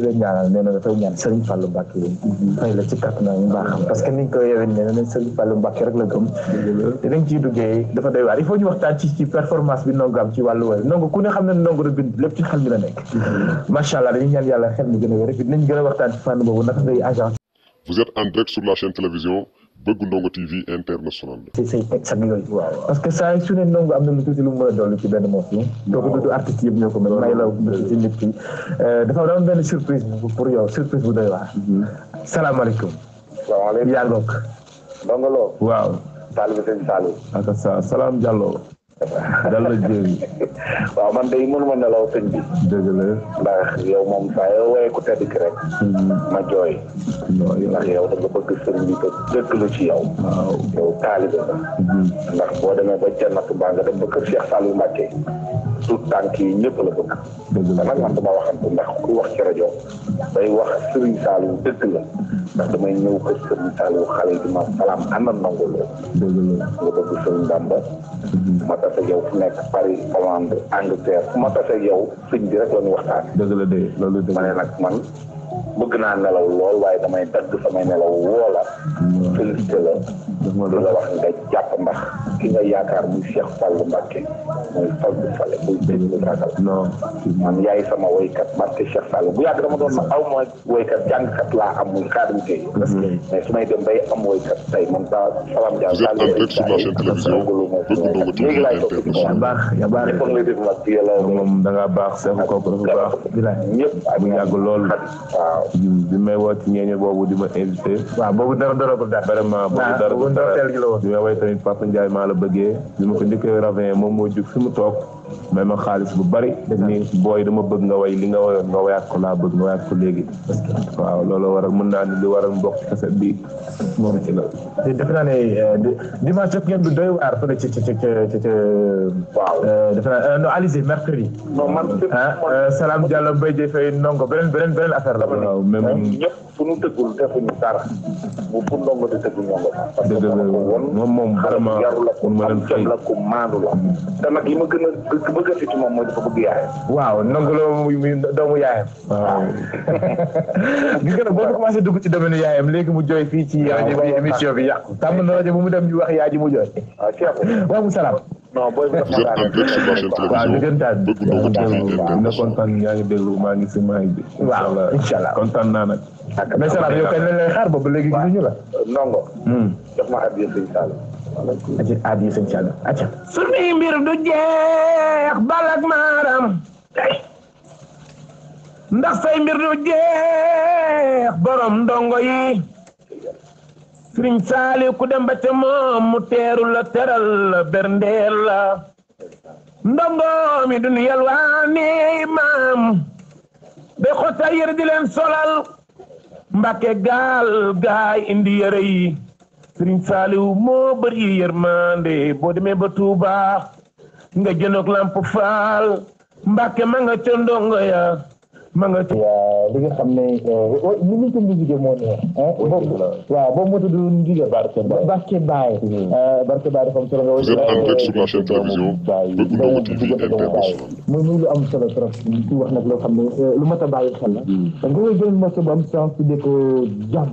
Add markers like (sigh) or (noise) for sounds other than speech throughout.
di leen ñaanal nee na dafay ñaan Serigne Fallou Mbacke fay la ci kattanam mbaaxam parce que niñ ko yeween nee na Serigne Fallou Mbacke rek la gëm dinañ ciy duggee dafa doy waar il faut ñu waxtaan ci ci performance bi ndongo am ci wàllu wér ndongo ku ne xam ne ndongo rek bind lépp ci xel bi la nekk macha allah dañuy ñaan yàlla xel mi gën a wér rek dinañ gën a waxtaan ci fànn boobu naka ngay agence vous êtes en direct sur la chaîne télévision bëgg Ndongo TV international la. si sag yooyu. waaw parce que saa su ne Ndongo am na lu tuuti lu mu mën a dolli ci benn morceau. waaw kooku du artiste yëpp ñoo ko mel. may la ci nit ki euh, dafa doon benn surprise pour yow surprise bu doy waar. Mm-hmm. salaamaaleykum. salaamaaleykum yaa ngi Ndongo Lo. waaw. Saliou Sène Saliou. ak sa salaam Diallo. dal la jéem. waaw man day mënuma nelaw sëñ bi. dëgg la. ndax yow moom saa yoo woowee ku tedd ki rek. Hmm. ma jooy. ndax yow da nga bëgg sëriñ bi te dëkk lu ci yow. waaw yow taalibe la. Hmm. ndax boo demee ba jannatu baa nga dem ba kër Cheikh Saliou Mbacké. suuf tànk yi ñëpp la bëgg. dëgg la man man dama waxantu ndax ku wax ci rajo day wax Serigne Saliou dëgg la ndax damay ñëw ko Serigne Saliou xale yi di ma a ànd nangu lool. dëgg la nga bëgg Serigne Bamba. ma tase yow fu nekk Paris Hollande Angleterre fu ma tase yow sëñ bi rek la waxtaan. dëgg la loolu dëgg la ma man. bëgg naa nelaw lool waaye damay dagg samay nelaw woola félicité la lu la wax nga jàpp ndax ki nga yaakaar muy Cheikh Fallou Mbacké mooy Fallou Fallé buy dégg lu ragal man yaay sama woykat Mbacké Cheikh Fallou bu yàgg dama doon na aw ma woykat jàngkat laa am muy xaadim géey mais su may dem bay am woykat tey man ba salam dia léegi laay toog ci kaw baax ya baax kon lay dégg ma ci yàlla moom da nga baax Cheikh kooku dafa baax ñëpp bu yàgg lool waaw bi may woo ci ñeeñe boobu di ma invité. waaw boobu dara dara ko dara. vraiment boobu dara ko dara bi may woy tamit Papa Ndiaye maa la bëggee. bi ma ko njëkkee ravin moom moo jug fi mu toog. may ma xaalis bu bari def ni booy dama bëgg nga way li nga wayoon nga wayaat ko laa bëgg nga wayaat ko léegi waaw loolu waral mën naa ni li waral mbokk ci kaset bi moom ci la defe naa ne euh, dimanche jot ngeen du doy waar fële ci ci ci ci ci waaw euh, defe naa euh, non Alizé mercredi ah Salam Diallo Mbaye Dieye Faye ndongo beneen beneen beneen affaire la waaw même ñëpp fu ñu tëggul defuñu la moom moom vraiment yarula ko am ma man ku bëgg a fecc moom mooy dafa bëgg yaayam. waaw nangu la muy doomu yaayam. waaw (laughs) gis nga nag boo commencé dugg ci domaine yaayam léegi mu jooy fii ci rajo bi émission tàmm na rajo bu mu dem ñu wax yaay ji mu jooy. waaw ah, ceeb waaw mu salaam. non booy bu dafa daal waaw dëggantaan dëggantaan na kontaan yaa ngi déglu maa ngi si maa ngi. waaw incha naa nag. mais salaam yow kay xaar boobu léegi gisuñu la. ndongo. Hmm. jox ma addiya sëñ Sall aji aad yi mbir du jeex balak maaram ndax say mbir du jeex borom ndongo yi sëriñ saali ku dem ba ca moom mu teeru la teral ndongo mi du nu yalwaani maam de xotal yëre di leen solal mbake gaal gaay indi yëre yi sëriñ saaliw moo bëri yërmande boo demee ba tuuba nga jënoog lamp faal mbàkke ma nga ca ndongo ya ma nga ca waaw li nga xam ne ni ñu ko ndigge moo neex waaw boobu moo tudd ndigge barke baay barke baay barke baay dafa am solo nga wax mooy muy lu am solo trop ci wax nag loo xam ne lu mat a bàyyi xel la da nga koy jël morceau bu am sens tuddee ko jàmm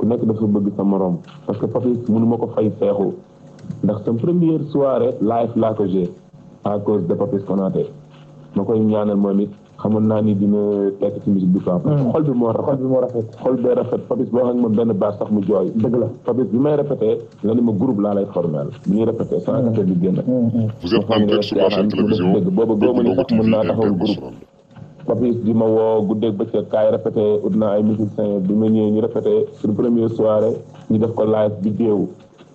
ku nekk dafa bëgg sa morom parce que Papis mënu ma ko fay seexu ndax sa première soirée live laa ko joué à cause de Papis Konaté ma koy ñaanal moom it xamoon naa ni dina tekk ci musique bi quoi. xol bi moo xol bi moo rafet. xol bee rafet Papis boo xam ne benn baat sax mu jooy. dëgg la Papis bi may répété la ni ma groupe laa lay formel bi ñuy répété. sans affaire bi génn. vous êtes en direct sur boobu góobu sax mën naa taxawal groupe. papis di ma woo guddeeg bëccëg kaay répété ut na ay musiciens bi ma ñëwee ñu répété su première soirée ñu def ko live bi déew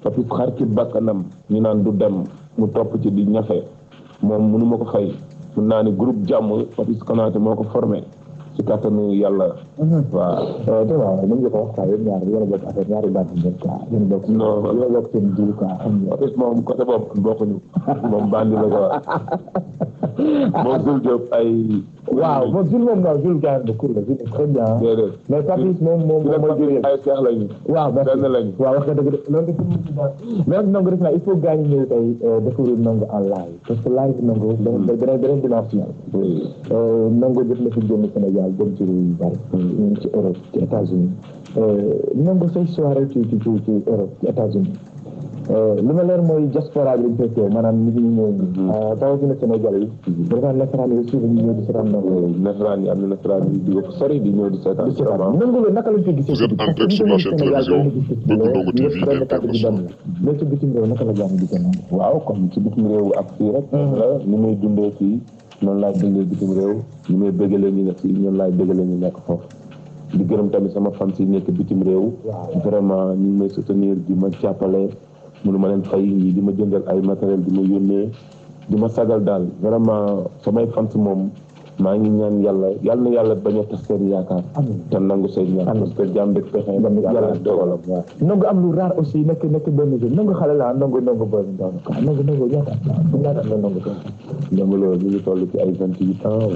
papis xar ci bakkanam ñu naan du dem mu topp ci di ñafe moom mënu ma ko fay mun naa ni groupe jàmm papis konaate moo ko formé ci kàttanu yàlla. Mhm. waaw. Euh, te waaw mën nga ko wax quoi yéen ñaar yéen a bokk affaire a a moom côté boobu (laughs) (laughs) ay. waaw moom Jules moom daal Jules gars de cour moom moom mooy jëriñ. ay seex lañu. waaw benn lañu. waaw wax nga dëgg de loolu dafa mën ci daal mais nag Ndongo def naa il faut gars yi ñëw tey euh, découvrir Ndongo live parce que live Ndongo. beneen beneen dimension. Ndongo jot na fi génn Sénégal dem ci réew yu bari. ñun hmm. ci Europe ci États-Unis euh, Ndongo say soirée ci unis Euh, li ma leer mooy diaspora bi lañ fekkee maanaam nit ñi ñëw euh, rawatina Sénégal yi vraiment yi aussi dañu ñëw di seetaan nasaraan yi am na nasaraan yi di ko sori di ñëw di seetaan nangu loolu naka lañ ko gisee en direct sur la chaîne télévision Ndongo TV d'intervention mais ci bitim réew naka la jàmm waaw comme ci bitim réew ak fii rek mm-hmm. la ni may dundee fii noonu laay dundee bitim réew ni may nekk fii noonu laay bëggalee ñu nekk foofu di gërëm tamit sama fan si nekk bitim réew vraiment ñu may soutenir di ma jàppale mënu ma leen fay ñii di ma jëndal ay matériel di ma yónnee di ma sagal daal vraiment samay fans moom maa ngi ñaan yàlla yal na yàlla bañ a tax seen yaakaar. te nangu say ñaan. parce que jaam bi pexe yàlla dogalam waaw. nangu am lu raar aussi nekk nekk benn jour nangu xale la nangu nangu booy bi daanaka nangu nangu ñaata ñaata am na nangu ko. nangu loolu mi ngi toll ci ay vingt huit ans.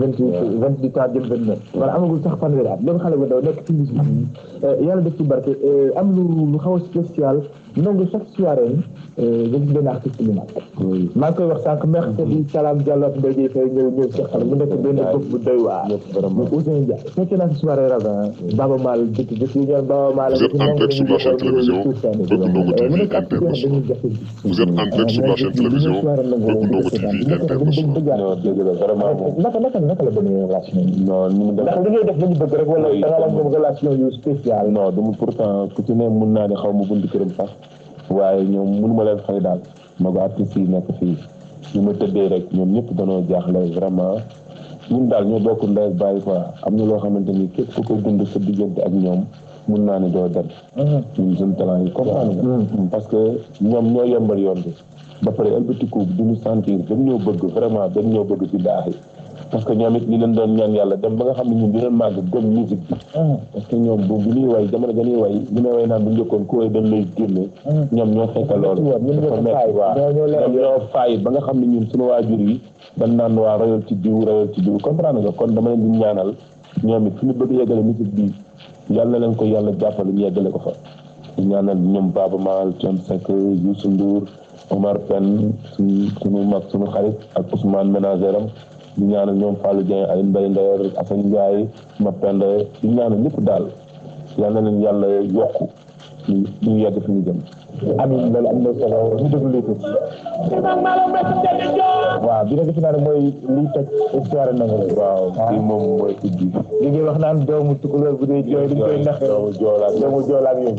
vingt huit vingt huit ans jëm vingt neuf. wala amagul sax fanweeri at loolu xale bu ndaw nekk ci bis mm-hmm. euh, yàlla def ci barke euh, am lu lu xaw a spécial nangu chaque soirée gëstu benn artiste bi nag. maa ngi koy wax sànq mercredi Salam Diallo Mbengue fay ñëw ñëw ci xar mu nekk benn bopp bu doy waar. vraiment Ousseynou Dia fekk naa si soirée rabin. Baba Maal dëkk dëkk yi ñoom Baba Maal. vous êtes en direct sur la chaîne télévision Bokk Ndongo TV international. vous êtes en direct sur la chaîne télévision Bokk Ndongo TV international. non dëgg la vraiment. naka naka naka la bonne relation. non ni mu def ndax li ngay def la ñu bëgg rek wala da nga am relation yu spéciale. non dama pourtant ku ci ne mun naa ne xaw ma bunt këram sax. waaye ñoom mënu leen fay daal magu artistes yi nekk fii ñu ma tëddee rek ñoom ñëpp dañoo jaaxle vraiment ñun daal ñoo bokk ndey bàyyi quoi am na loo xamante ni képp ku ko gund sa diggante ak ñoom mun naa ne doo dem mhm. ñun suñu talent yi comprendre nga mhm. parce que ñoom ñoo yombal yoon bi ba pare ëlbatiku duñu sentir dañ ñoo bëgg vraiment dañ ñoo bëgg ci daax yi parce que ñoom it li leen doon ñaan yàlla dem ba nga xam ne ñun dinañ màgg gëm musique bi hmm. parce que ñoom bu bu ñuy way jamono dañuy way li may way naan bu njëkkoon ku way dañ lay génne hmm. ñoom ñoo fekk loolu hmm. dafa metti ñoom ñoo ba nga xam ne ñun suñu waajur yi dañ naan waa rayal ci diw ci diw comprendre nga kon dama leen di ñaanal ñoom it fi ñu bëgg yeggale musique bi yàlla leen ko yàlla jàppale ñu yeggale ko fa di ñaanal ñoom Baaba Maal Thione Seck Youssou Ndour Omar su suñu suñu mag suñu xarit ak Ousmane ménagère am di ñaanal ñoom Fallou Dieng ay Mbaye Ndeye Assane Ndiaye Mapenda di ñaanal ñëpp daal yal na leen yàlla yokku ñu ñu yegg fi ñu jëm. amiin loolu am na solo ñu déglu lépp. waaw bi nga gis naa ne mooy liy toj histoire na nga. waaw kii moom mooy kii bi. li ngay wax naan doomu tukulóor bu dee jooy duñ koy naxee doomu joolaa doomu joolaa ak yooyu.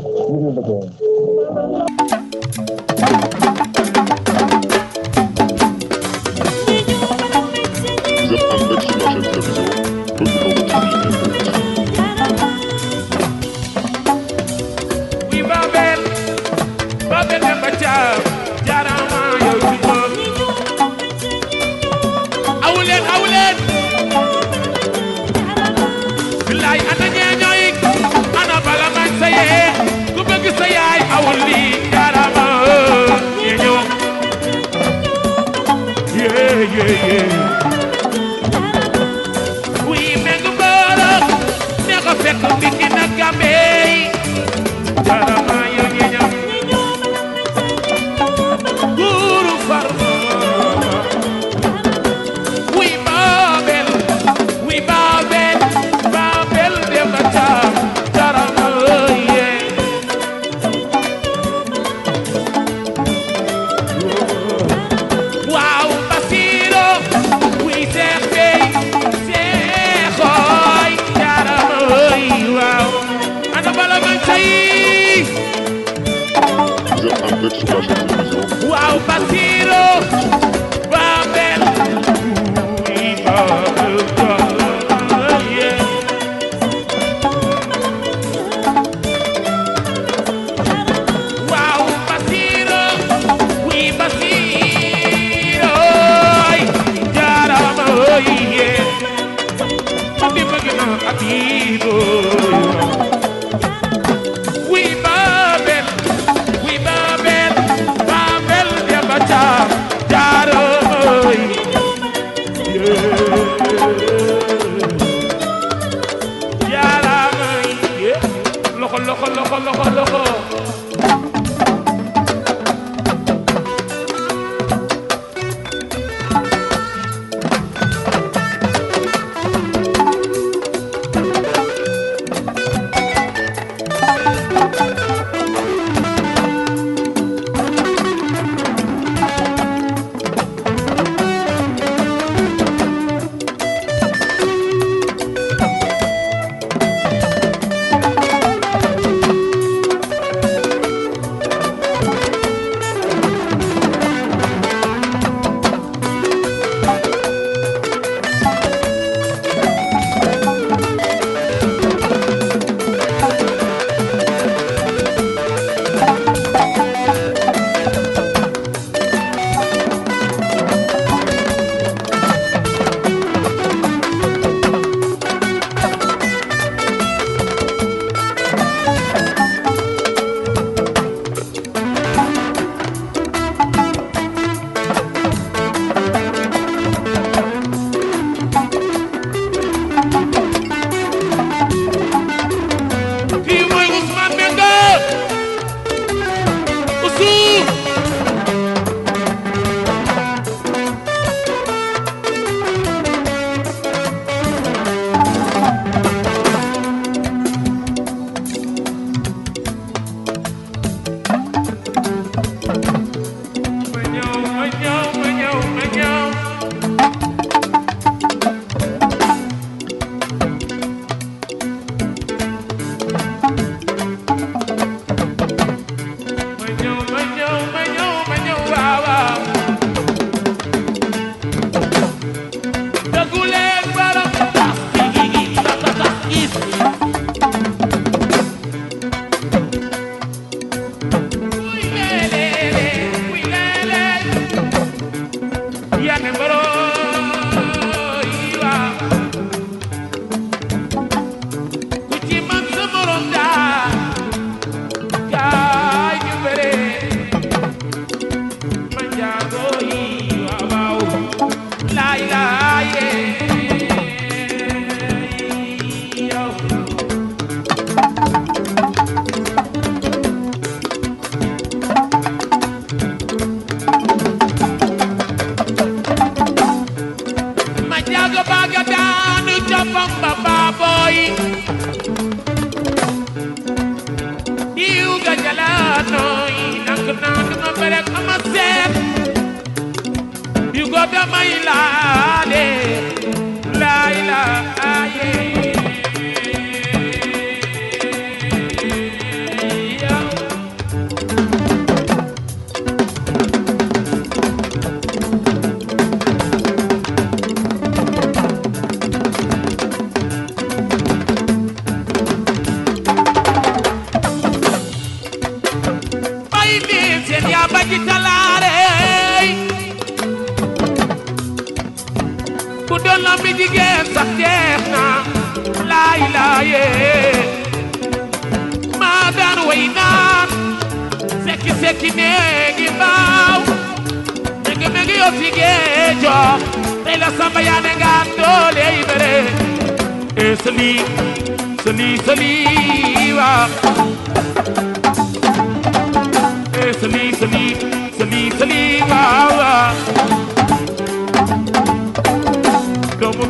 We make a better, make a fake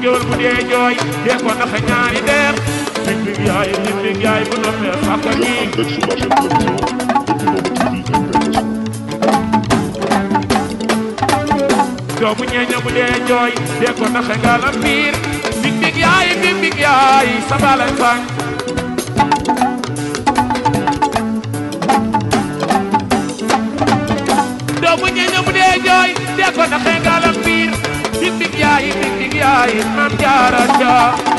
géwél bu dee jooy dee ko nax ñaari deer big big yaay big yaay bu noppee fàkka doomu ñeeña bu dee jooy dee ko nax ngalam biir big big yaay big big yaay sa bala fang Njaay Maam Jaara Ja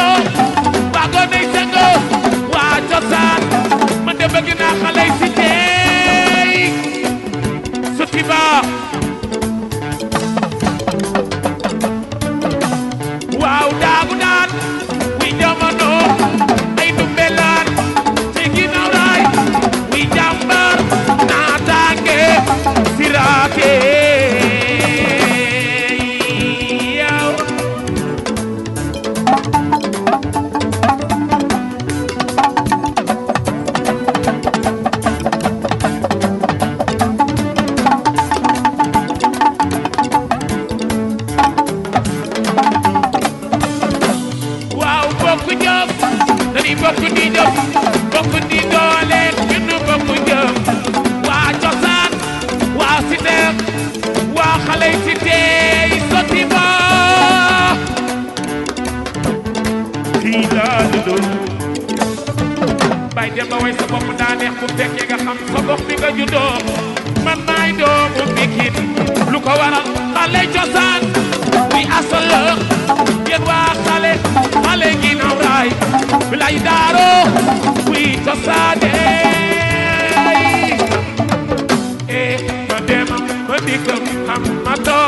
Islam Muhammada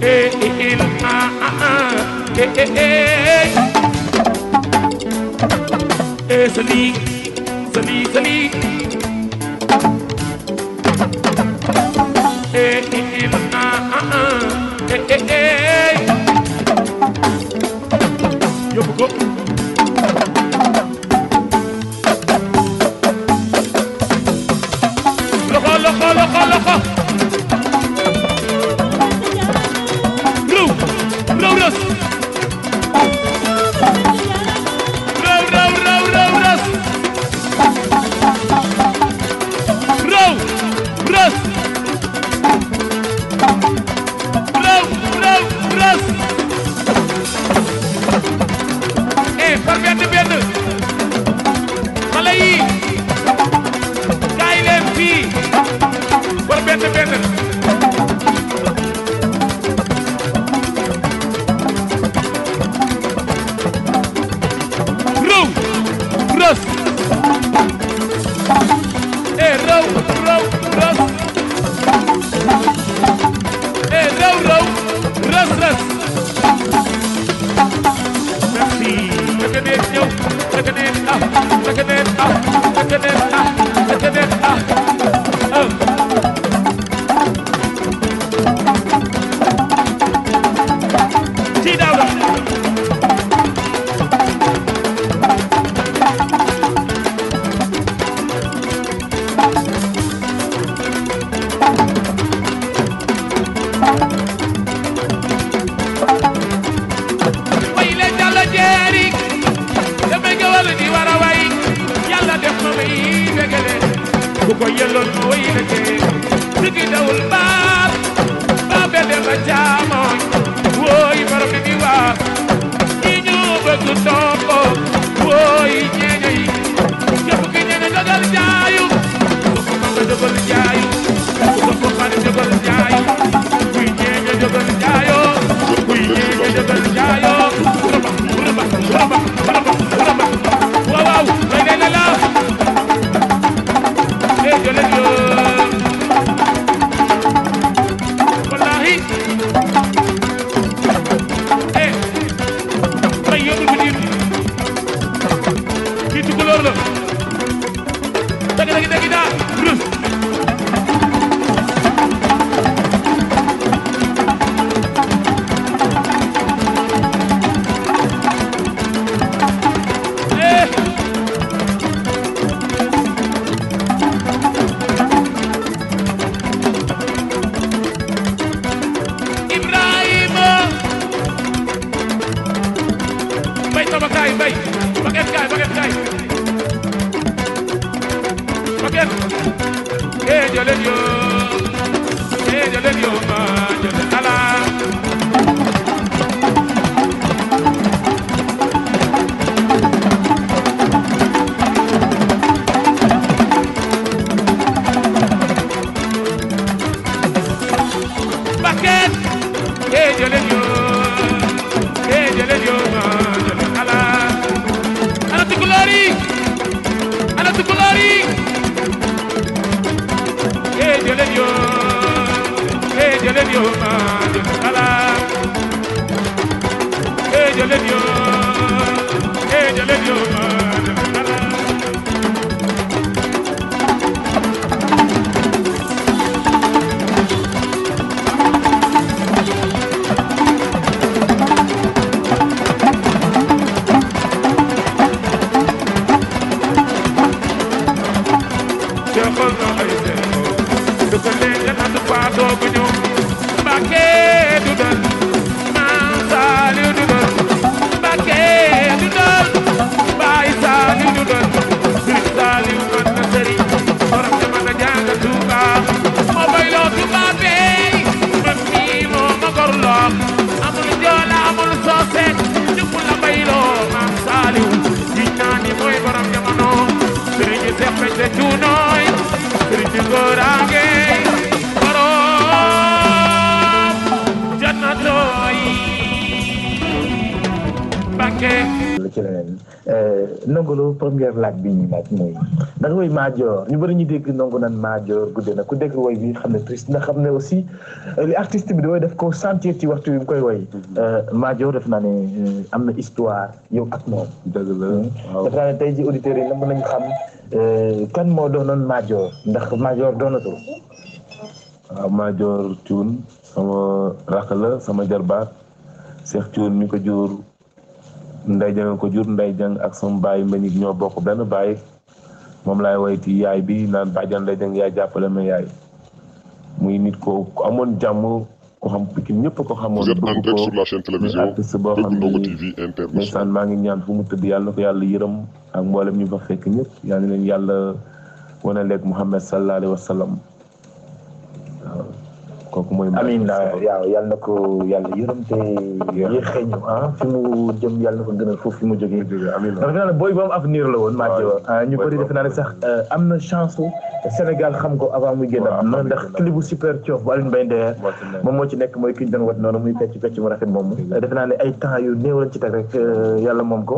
Eh eh il ah ah hey, hey, hey! Hey, Sali Sali Sali Madior gudde na ku dégg woy bi xam ne triste na xam ne aussi euh, li artiste bi di woy daf ko sentir ci waxtu bi mu koy woy mhm. euh, Madior def naa ne euh, am na histoire yow ak moom dëgg la hmm. def naa ne auditeurs yi na mën nañu xam kan moo doonoon Madior ndax Madior doonatul waaw Madior Thioune sama rakk la sama jarbaat Cheikh Thioune mi ko jur Ndeye Dieng ko jur Ndeye ak sama baay Mbagnick ñoo bokk benn baay moom laay woy ti yaay bi naan bàjjan la jëng yaay jàppale ma yaay muy nit ko amoon jàmm ko xam Pikine ñëpp ko xamoon bëgg ko muy artiste boo xam ne ndeysaan maa ngi ñaan fu mu tëdd yàlla na ko yàlla yërëm ak mboolem ñu fa fekk ñëpp yal na leen yàlla wane leeg Mouhamed sallallahu alayhi wa sallam kooku mooy. amiin la waaw yàlla na ko yàlla yërëm te. yéen xëy na ah fi mu jëm yàlla na ko gënal foofu fi mu jógee. amiin la defe naa ne booy boobu avenir la woon. waaw waaw ñu bëri defe naa ne sax am na chance Sénégal xam ko avant muy génn am na ndax clip bu super coof bu Alioune Mbaye Nder moom moo ci nekk mooy ki ñu doon wat noonu muy fecc fecc mu rafet moomu defe naa ne ay temps yu néew lañ ci teg rek yàlla moom ko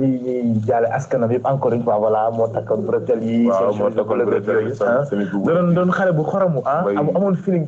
ñi ñuy jaale askanam yëpp encore une fois voilà moo takkoon bretelles yi doon doon xale bu xoromu ah amoon feeling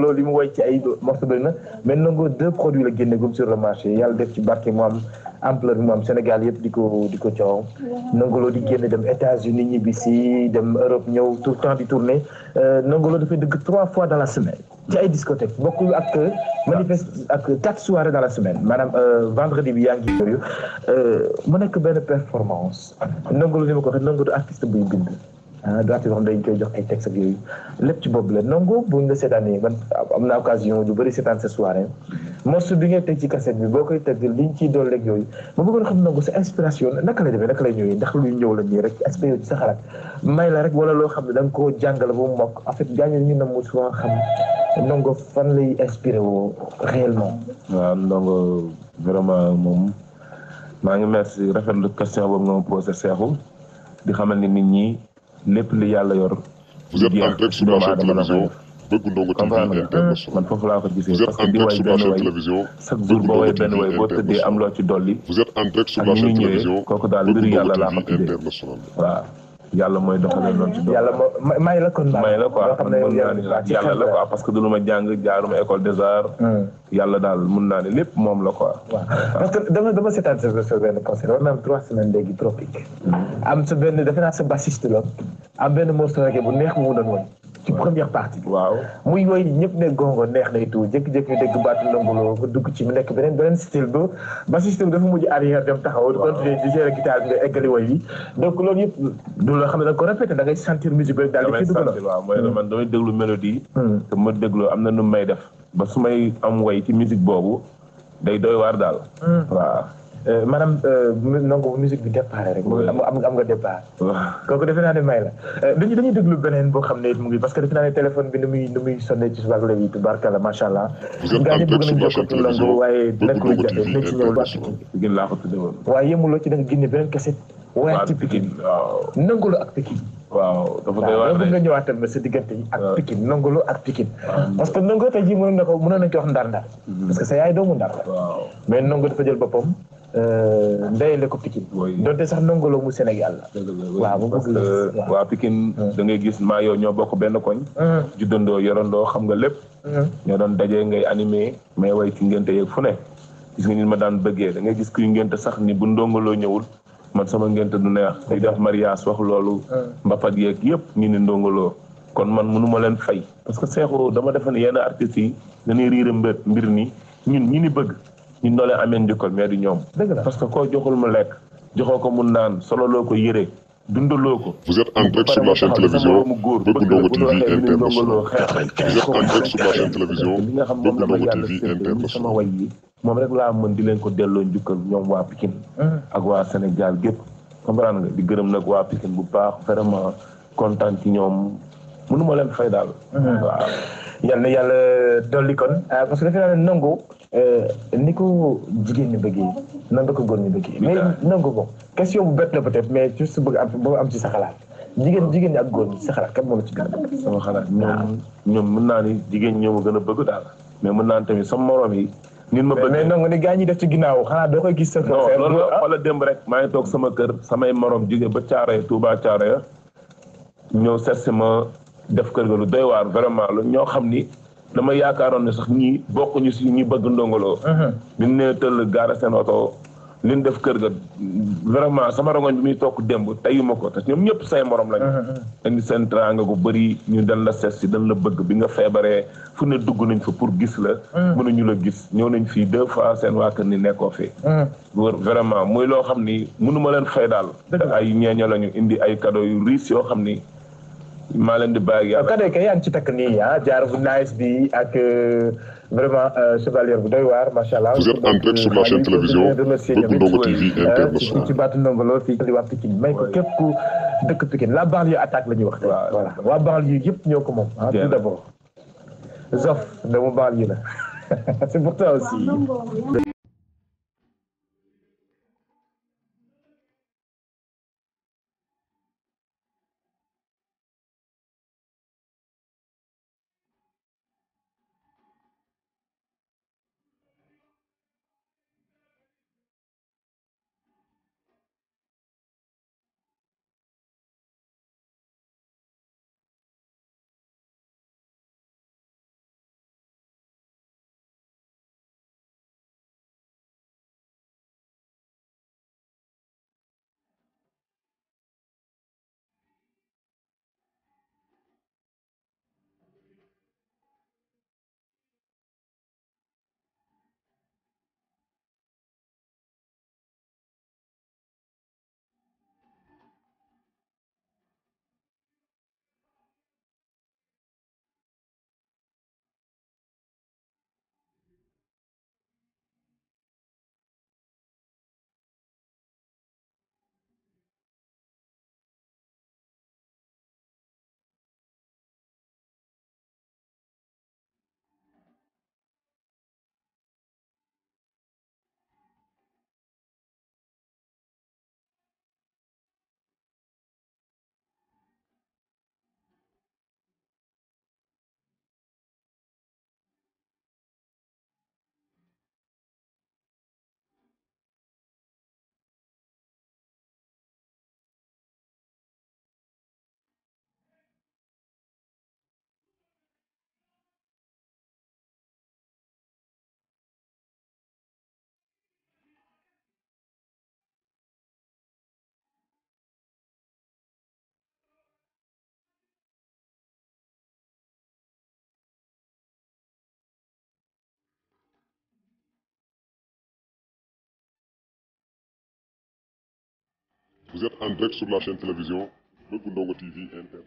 solo li mu woy ci ay morceau bëri na mais nango deux produits la génne gum sur le marché yàlla def ci barke mu am ampleur bi mu am Sénégal yëpp di ko di ko coow nangoloo di génne dem États-Unis ñibbi si dem Europe ñëw tout le temps di tourner euh, nangoloo dafay dëgg trois fois dans la semaine ci ay discothèque bokkul ak euh, manifeste ak quatre soirées dans la semaine maanaam euh, vendredi bi yaa ngi yooyu mu nekk benn performance nangoloo li ma ko waxee nangoloo artiste buy bind Ah, droite yoo xam dañ koy jox ay texte ak yooyu lépp ci boobu la nangu buñ la seetaanee man am na occasion yu bëri seetaan sa soirée morceau bi ngay teg ci cassette bi boo koy tëgg liñ ciy dool rek yooyu ma bëggoon xam nangu sa inspiration naka lay demee naka lay ñëwee ndax luy ñëw la nii rek aspect ci sa xalaat may la rek wala loo xam ne da nga koo jàngal ba mu mokk en fait gaañu ñu na mu souvent xam nangu fan lay inspiré woo réellement. waaw ndongo vraiment moom maa ngi merci rafetlu question boobu nga ma posé Cheikhou di xamal ni nit ñi. lépp li yàlla yor. vous a en direct sur ma chaîne télévision Bëgg Ndongo TV international man foofu laa ko gisee vous êtes en direct sur ma chaîne télévision chaque jour boo woy benn woy boo tëddee am loo ci dolli. vous êtes en direct sur ma chaîne télévision Bëgg Ndongo TV yàlla mooy doxalee noonu ci doom yàlla may la kon may la quoi mën naa ni la yàlla la quoi parce que du ma jàng jaaruma école des arts hmm. yàlla daal mën naa lép moom la ko waaw parce que dama dama seetaan sa sa benn concert war naa am trois semaines léegi tropique hmm. am sa benn defe naa sa bassiste la am benn morceau rek bu neex mu doon woon ci première partie. waaw muy yooyu ñëpp ne gongo neex nay tuuti jékki-jékki dégg baatu lëngaloo ko dugg ci mu nekk beneen beneen style ba bassiste bi dafa mujj arrière dem taxaw. waaw continuer di gérer guitare bi yi. donc loolu yëpp du loo xam ne da nga ko répété da ngay sentir musique bi daal di ci dugg la mooy hmm. man damay hmm. ma am na nu may def. ba su may am way ci musique boobu day doy waar daal. Hmm. waaw. Euh, maanaam euh, donc musique bi départ rek. am nga am nga départ. kooku defe naa ne may la euh, dañuy dañuy déglu beneen boo xam ne it mu ngi parce que defe naa ne téléphone bi nu muy nu muy sonné ci suba ak léegi tubaarkalla macha allah. gaa ñi bëgg nañ jokkatu lango nga waaw ci Pikine nangalu ak Pikine. waaw dafa doy waar nga ñëwaatal ma sa diggante que nango tey jii nañ ko wax mm-hmm. ndar mais nango dafa jël boppam Euh, ndeyale ko Pikine. donte sax nongolo mu Sénégal la. waa mu bëgg la waaw da ngay gis maa yow ñoo bokk benn koñ. Hmm. juddandoo yorandoo xam nga lépp. Hmm. ñoo doon daje ngay anime mais way ci ngénte yeeg fu ne. gis ma daan bëggee da ngay gis kuy ngénte sax ni bu ndongoloo ñëwul man sama ngénte du neex hmm. day def mariage wax loolu. mbapat yeeg yëpp ñu ni ndongoloo. kon man mënu leen fay. parce que Seexu dama defe ne yenn artistes yi dañuy mbir mbir ni ñun ñi ni bëgg. ñun noo leen amee njukkal mais du ñoom. parce que koo joxul mu lekk joxoo ko mu naan solo loo ko yëree dundaloo ko. vous êtes en direct sur la chaîne télévision Bokk Ndongo TV International. vous êtes en direct sur la chaîne télévision Bokk Ndongo TV International. moom rek laa mën di leen ko delloo njukkal ñoom waa Pikine. Ah. ak waa Sénégal gépp comprendre nga di gërëm nag waa pikin bu baax vraiment kontaan ci ñoom. mënu leen fay daal. Mhm. waaw yal na yàlla dolli kon. Ah, parce que defe naa euh, ni ko jigéen ñi bëggee nan la ko góor ñi bëggee. mais nangu bon question bu bett la peut mais juste bëgg am bëgg am ci sa xalaat. jigéen jigéen ak góor ñi sa xalaat kat moo la ci gën a bëgg. sama xalaat ñoom ah. ñoom mën naa ni jigéen ñi ñoo gën a bëgg daal mais mën naa ni tamit sama moroom yi. nit ma bëgg mais nangu ni gars ñi def ci ginnaaw xanaa doo koy gis. sa kër non loolu ah. wala démb rek. maa ngi toog sama kër samay moroom jóge ba Caaroy Touba Caaroy ñëw seet si ma def kër ga lu doy waar vraiment lu ñoo xam ni dama yaakaaroon ne sax ñii bokkuñu si ñi bëgg ndongoloo. Mhm. bi ñu nee tëll gaara seen oto li ñu def kër ga vraiment sama rongoñ bi muy tokk démb teyuma ko te ñoom ñëpp say morom lañu. Mhm. indi seen teraanga gu bëri ñu dañ la seet si dañ la bëgg bi nga feebaree fu ne dugg nañ fa pour gis la. Mhm. ñu la gis ñëw nañ fii deux fois seen waa ni nekkoo fi. vraiment muy loo xam ni mënuma leen fay daal. te ay ñeeño indi ay cadeau yu yoo xam ni. maa leen di bàyyi ak yàlla. kay yaa ngi ci takk nii ah jaar bu nice bi ak euh, vraiment euh, chevalier bu doy waar macha allah. vous êtes en direct sur la chaîne télévision Beug Ndongo TV ah, international. ci baatu ndongo lool fii di waa Pikine may ko képp ku dëkk Pikine la banlieue attaque la ñuy wax. waaw voilà waa banlieue yëpp ñoo ko moom. ah tout d'abord Zof dama banlieue la (laughs) c'est pour toi aussi. Vous êtes en direct sur la chaîne télévision le Ndongo TV International.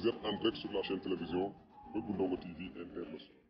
Vous êtes en direct sur la chaîne télévision Beubou TV International.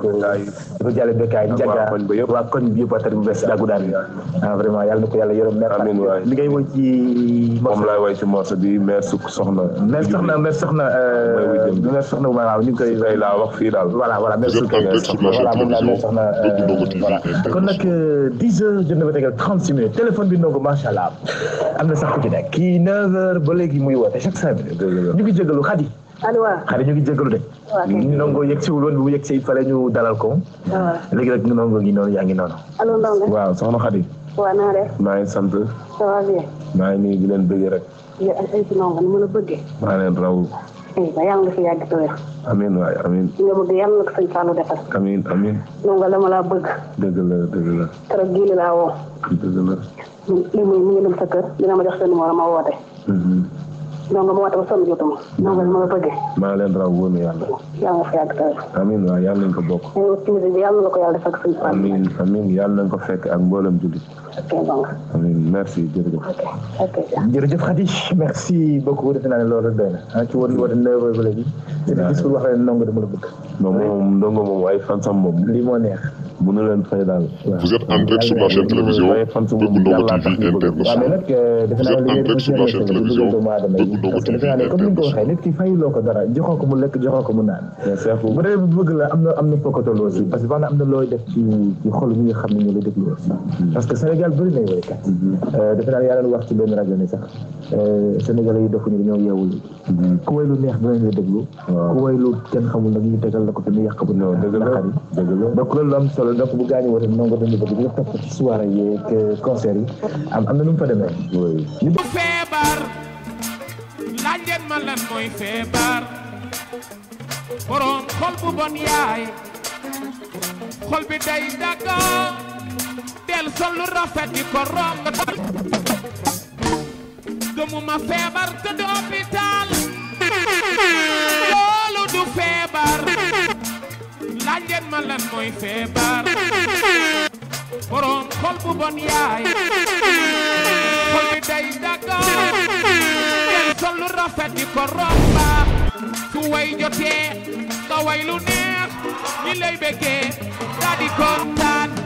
ko jale bekaay jaga waa koñ bi yëpp atar bu bees daggu daan ah, vraiment yàlla na ko yàlla yërëm mer amiin waay li ngay woy ci moom laay woy ci morceau bi mère suk soxna mère soxna mère soxna euh, mère soxna waaw ñu ngi koy lay laa wax fii daal voilà voilà mère suk voilà moom laa mère soxna euh, voilà kon nag euh, dix heures jot na ba tegal trente six minutes téléphone bi ndongo macha allah am na sax ku ci nekk kii neuf heures ba léegi muy woote chaque cinq minutes ñu ngi jégalu xadi allo waaw xare ñu ngi jégalu de. ñu nangoo yegg si wul woon bu mu yegg si ñu dalal ko. waaw léegi nag ñu nangoo yaa ngi noonu. allo Ndongo soxna Khady. waaw naa def. maa ngi sant. ça va bien. maa ngi nii di leen bëggee rek. yow ak ay la bëggee. maa leen raw. Eh, ba yàlla nga fi yàgg tawee. amiin waay amiin. nga bëgg yàlla na ko sëñ Fallou defal. amiin amiin. Ndongo dama laa bëgg. dëgg la dëgg la. keroog gii laa woo. dëgg la. mu ngi dem sa kër dina ma jox sa numéro ma woote. Mhm. ndongo moo tax sonn jotuma ndongo ma nga bëggee maa leen raw wóor na yàlla yàlla nga fa yàgg taw amiin waaw yàlla nañ ko bokk yàlla na ko yàlla def ak suñu amiin amiin yàlla nañ ko fekk ak mboolem jullit merci jërëjëf. jërëjëf Khady merci beaucoup defe naa ne loolu doy na ci wàllu wàllu neuf ba léegi. waaw gis nga wax la ndongo dama la bëgg. non moom ndongo moom ay fan sam moom. lii moo neex. mënu leen fay daal. vous êtes en direct sur la chaîne télévision Bégu Ndongo TV international. vous êtes en direct sur la chaîne télévision Bégu Ndongo TV international. comme ni ko waxee nit ki fayuloo ko dara joxoo ko mu lekk joxoo ko mu naan. bu dee bëgg la am na am na fokkatoo aussi parce que wax am na looy def ci ci xol ñi nga xam ne ñoo lay déglu parce que Sénégal Sénégal bëri nay woykat mhm. euh, dafa naa yaa doon wax ci benn rajo ni sax euh, Sénégalais yi defuñu dañoo yeewul mhm. ku way lu neex dinañ la déglu ku way lu kenn xamul nag ñu tegal la ko te ñu yàq bu naqari donc loolu am solo donc bu gaañu woote nongo dañu bëgg ñu topp ci soirée yeeg euh, concert yi am na nu mu fa demee ñu feebar laaj leen ma lan mooy feebar borom xol bu bon yaay xol bi day dagga leen sol lu gëmuma feebar te du hôpital du feebar laaj ma lan feebar borom xol bu bon yaay xol day dagoo leen sol rafet di ko romba su way jotee nga way lu neex ñi lay bëggee daa di kontaan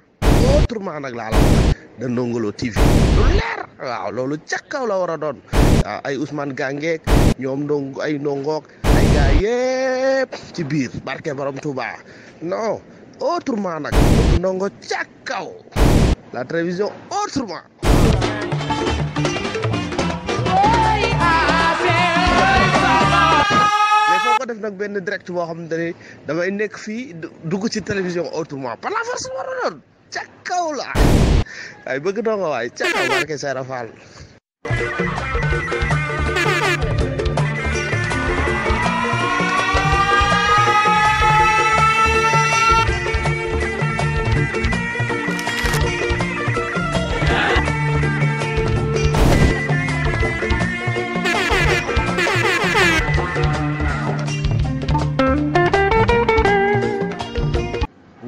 autrement anak laa la da lo tv lu leer waaw cakau ca kaw la war a doon waaw ay ousmane gangeek ñoom ndong ay ndongook ay gaa yépp ci biir barke borom touba non autrement nag ndongo ca kaw la télévision autrement ko def nak benn direct boo xamante ni damay nekk fii dugg ci télévision autrement par la force war ca kaw ay bëgg doo nga waay ca kaw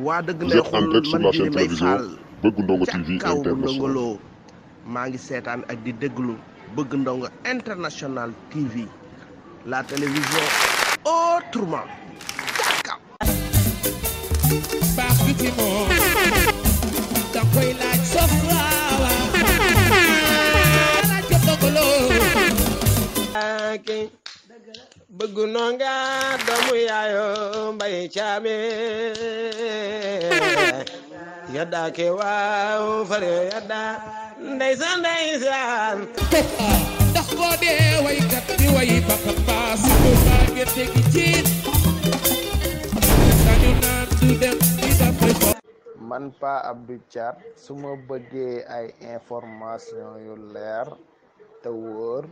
waa dëgg neexul man ji may faal bëgg ndongo TV international maa ngi seetaan ak di déglu bëgg ndongo international TV la télévision autrement jàkkaw baax bi ci moom da koy laaj soxlaawa laaj ko dogaloo bëgg nonga doomu yaayo mbay caame yadda ke waaw fare yadda ndeysaan ndeysaan ndax boo dee waykat bi way baka paas bu baage tegi man Pa Abdou Thiat su ma bëggee ay information yu leer te wóor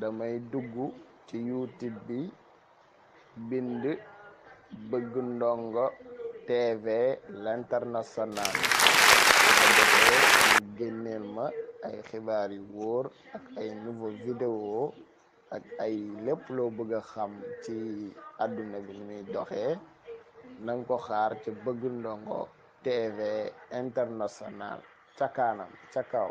damay dugg ci youtube bi bind bëgg ndongo tv l'international ñu génneel ma ay xibaar yu wóor ak ay nouveau vidéo ak ay lépp loo bëgg xam ci àdduna bi ni muy doxee na ko xaar ca bëgg ndongo tv international ca kaanam ca kaw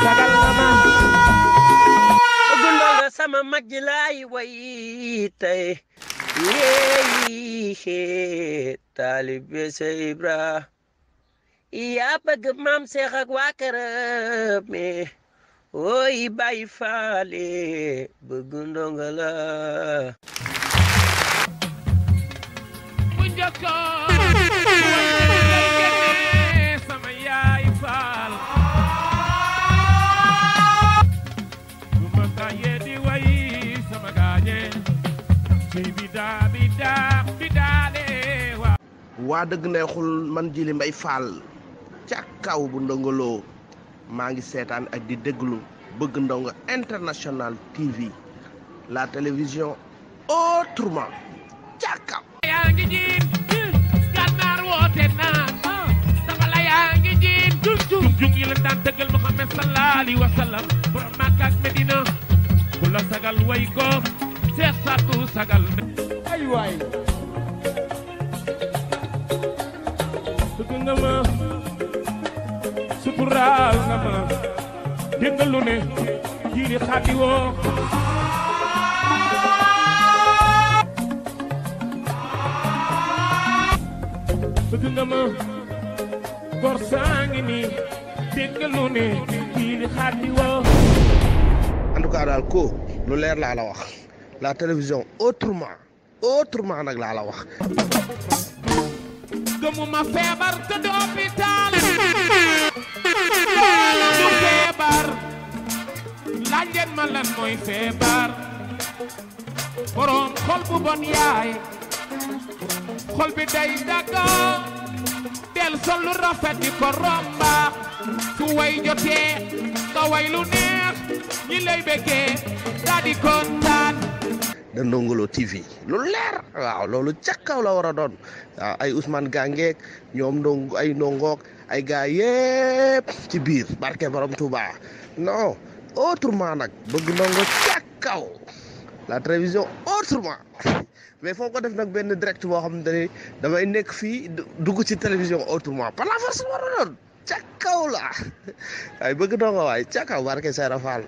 sagal na sama mag ji laay way tey yéey taalibe sa Ibra yaa bëgg maam Seex ak waa këram faale bëgg ndonga la sama yaay faal wa deug neexul man jili mbay fall ca kaw bu ndongolo ma ngi setan ak di deglu beug ndong international tv la television autrement ca kaw yaa ngi jiin gànnaar woote naa sabala yaa ngi jiin jum jum jum yi leen daan dëggal muhammad sallallahu alayhi wa sallam borom màkk ak medina ku la sagal way ko seet sàttu sagal ay waay bëgg lu leer laa la wax la télévision autrement autrement nag laa la wax gëmuma feebar tëdd hôpital loolu du feebar laaj leen ma lan xol bu bon yaay xol bi day dagga del sol rafet di ko romba su way jotee nga way neex ñi lay bëggee daa di kontaan da Ndongo TV lu leer waaw nah, loolu ca kaw la war a doon waaw ay Ousmane Gangeek ñoom ndong ay ndongook ay gaa yépp ci biir barke borom Touba non oh, autrement nag bëgg ndongo ca kaw la télévision autrement oh, mais foo ko def nag benn direct boo xam ne damay nekk fii dugg ci télévision oh, autrement par la force war a doon ca kaw la ay bëgg ndongo waay ca kaw barke Sera Fall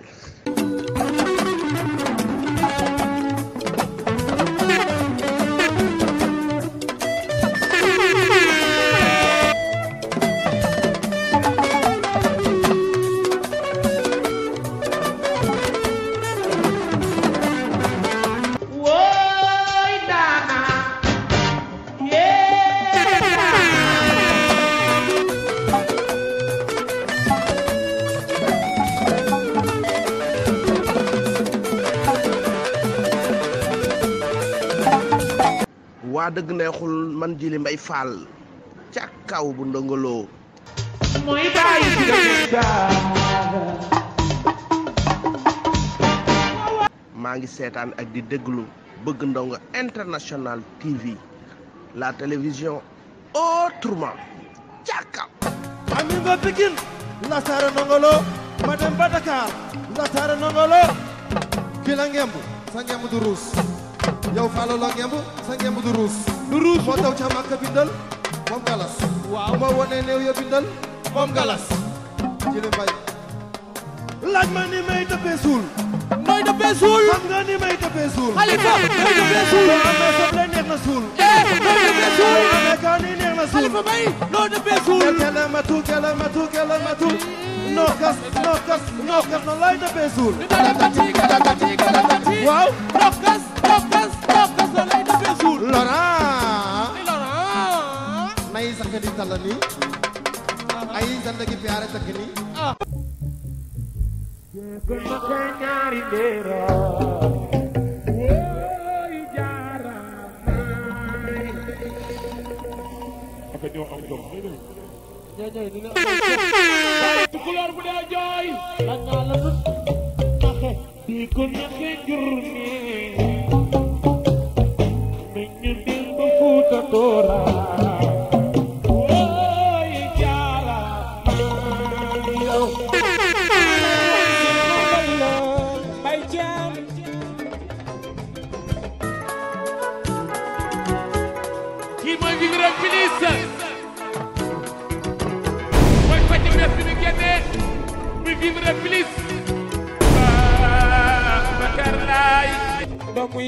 dëgg neexul man jili mbay fall ca kaw bu ndongolo moy bàyyi ma ngi seetaan ak di déglu bëgg ndong international tv la télévision autrement ca kaw ami nga pikin la sara ndongolo madame badaka la sara ndongolo kilangembu sangembu du yow Fallou la ngemb sa ngemb du ruus. du bindal moom galas. waaw boo wonee ya bindal moom galas. jële mbay. laaj ma ni may dëppee suul. mooy dëppee suul. xam nga ni may dëppee suul. xalifa mooy dëppee suul. boo amee soble neex na suul. eh mooy dëppee suul. boo amee kaani neex na suul. xalifa bay Wow, rokkas rokkas rokkas la lay defee jour Laurent Laurent nay di talla ni ay sant gi piare tak Jangan ah Kun dera Apa dia orang dong Ini, ni nak Tukulor punya joy Tanya lebut Dora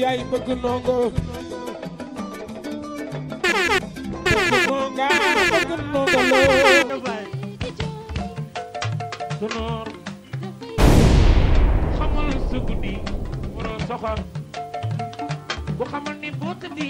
yaay bëgg nongo nonga bëgg nongo di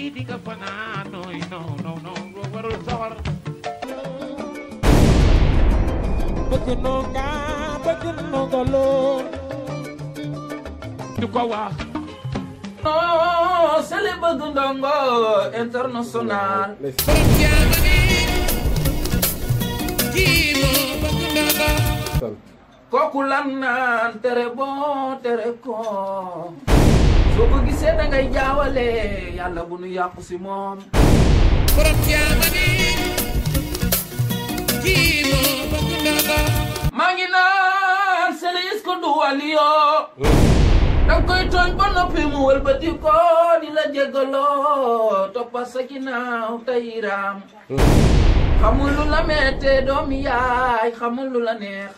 non sele bëgg ndongo international kooku lan naan tere bon tere ko soo ko gisee da ngay jaawale yàlla bu nu yàqu si moom maa ngi naan sele is ko du waliyo Dan koy tooñ ba noppi mu wëlbati ko di la jégaloo toppa sa ginnaaw tey raam xamul hmm. lu la mettee doomi yaay xamul lu la neex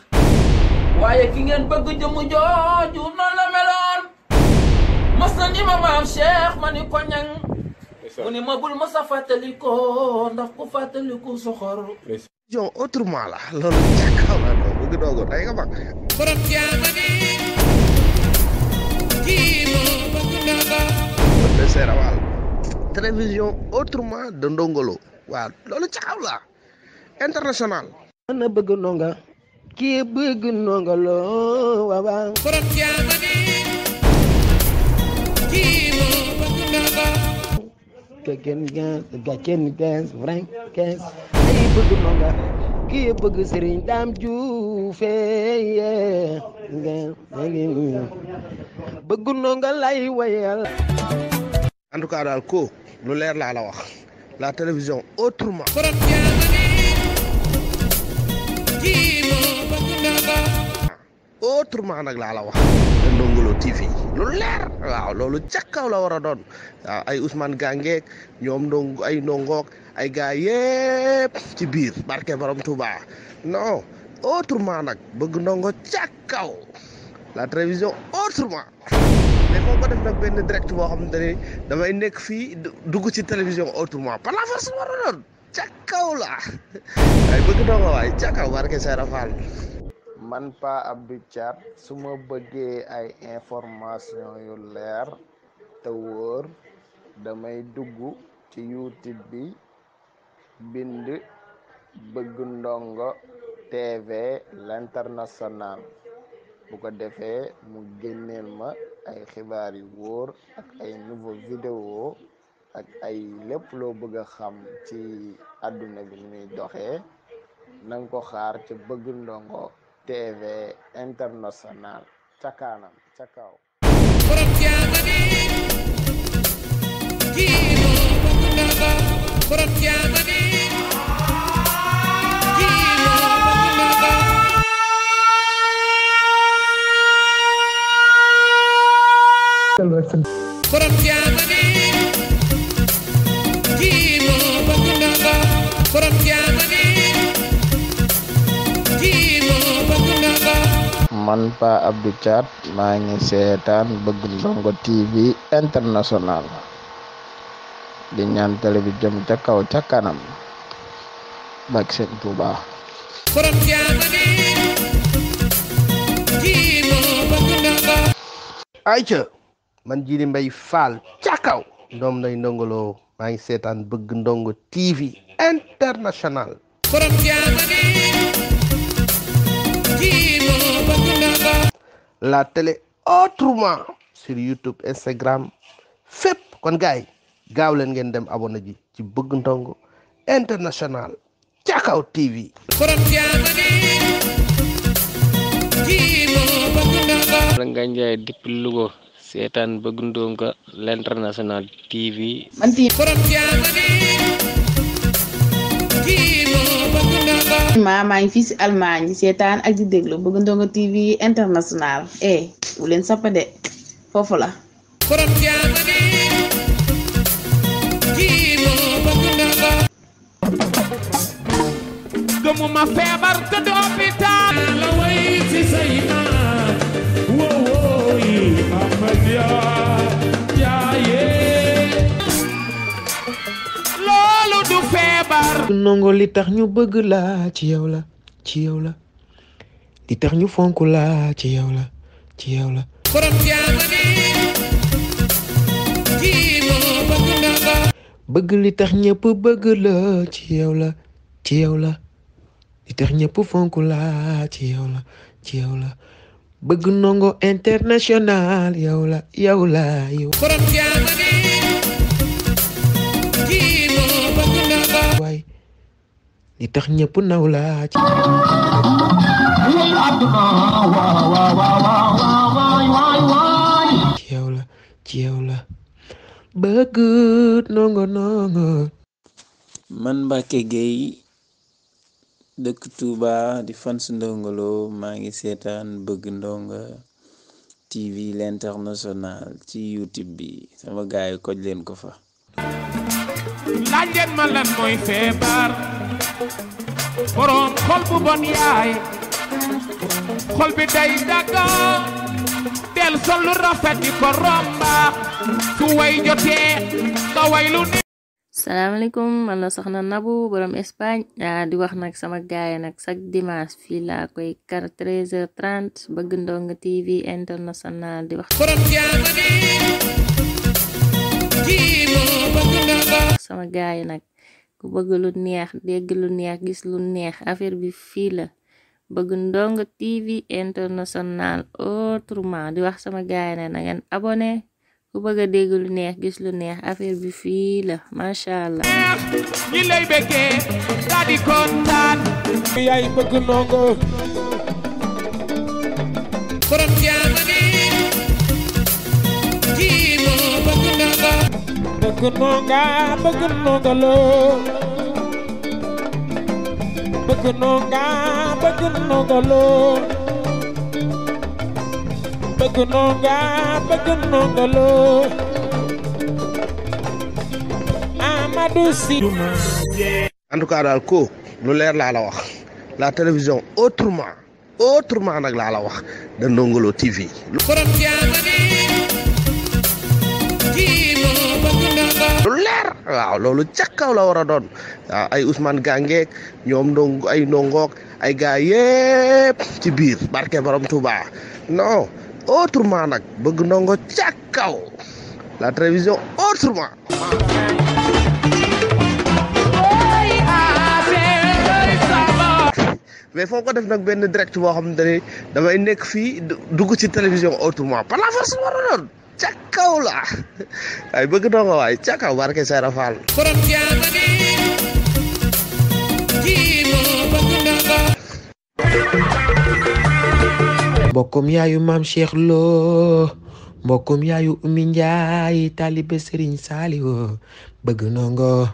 waaye ki ngeen bëgg jëmu jooju noonu la meloon mas na ni ma maam Cheikh ma ni ko ñang mu ni ma bul mas ndax ku fàttaliku soxor jo autrement la loolu jàkkaarloo bëgg doogo day nga bag borom jaamani télévision autrement de Ndongo Lo waaw loolu caaw la international na bëgg ndonga ki bëgg ndonga lo waaw waaw borom jaama ni ki mo bëgg frank kes ay bëgg ndonga ki bëgg sëriñ daam juufe bëggu no nga lay wayal en tout cas daal ko lu leer laa la wax la télévision autrement autrement nag laa la wax ndongolo tv lu leer waaw loolu ca kaw la war a doon waaw ay ousmane gangeek ñoom ndong ay ndongook ay gars yépp ci biir barke borom touba non autrement nag bëgg ndongo ca kaw la télévision autrement mais moo ko def nag benn direct boo xam ne damay nekk fii dugg ci télévision autrement par la force war a doon ca kaw la ay bëgg ndongo waaye ca kaw barke sa rafal man pa abdou thiar suma ma bëggee ay information yu leer te wóor damay dugg ci youtube bi bind bëgg ndongo tv l'international bu ko defee mu génneel ma ay xibaar yu wóor ak ay nouveau vidéo ak ay lépp lo bëgg xam ci àdduna bi muy doxee na ko xaar ca bëgg ndongo tv international ca kaanam ca kaw man pa abdou chat ma ngi setan beug ndongo tv international di ñaan tele bi jëm ca kaw ca kanam bak sen touba ay man jii di mbay faal ca kaw doom nay ndongoloo maa ngi seetaan bëgg ndongo TV international borom la télé autrement sur YouTube Instagram fépp kon gaay gaaw ngeen dem abonné ji ci bëgg ndongo international ca kaw TV borom jaamani kii moo bëgg setan ba gundoo nga nasional tv ma maa ngi fii si Allemagne seetaan ak di déglu bëgg TV international eh bu leen sappa de foofu la gëmuma feebar tëdd hôpital nongo li tax ñu bëgg la ci yow la ci yow la li tax ñu fonku la ci yow la ci yow la bëgg li tax ñëpp bëgg la ci yow la ci yow la li tax ñëpp fonk laa ci yow la ci yow la bëgg nongo international yow la yow la yow borom jaama ni kii moo bëgg nongo waay li tax ñëpp naw la ci ci nongo man gay dëkk tuuba di fans Ndongo maa ngi seetaan bëgg ndongo TV l'international ci YouTube bi sama gaay yi koj leen ko fa. laaj ma lan mooy feebar borom xol bon yaay xol day dagga del sol lu ko romba su way jotee nga way lu Salam man la soxna nabu borom Espagne ya, di wax nak sama gaay nak sak dimanche fii laa koy kar 13h30 bëgg ndongo TV international di wax sama gaay nak ku bëgg lu neex dégg lu neex gis lu neex affaire bi fii la bëgg ndongo TV international oh, autrement di wax sama gaay na ngeen ku bëgg a dégg lu neex gis lu neex affaire bi fii la macha allah. ñi lay bëggee daal di kontaan. yaay bëgg ndongo. borom jaama ni kii moo bëgg ndongo. bëgg ndonga bëgg ndongo loo. bëgg ndonga bëgg ndongo loo. bëgg nonga bëgg nonga loo Amadou Sy en tout cas daal ko lu leer laa la wax la télévision autrement autrement laa la wax da Ndongo TV lu leer waaw loolu càkkaw la war a doon waaw ay Ousmane Gangeek ñoom ndong ay gaa yëpp ci biir barke borom Touba non autrement nak bëgg ndongo ca kaw la télévision autrement mais foo ko def nag benn direct boo xam ne damay nekk fii dugg ci télévision autrement par la force war a doon ca kaw la waaye bëgg ndongo waay ca kaw barke say rafaal Thank you. mbokkum yaayu maam Cheikh Lo mbokkum yaayu Oumy Ndiaye taalibe Serigne Saliou bëgg nongo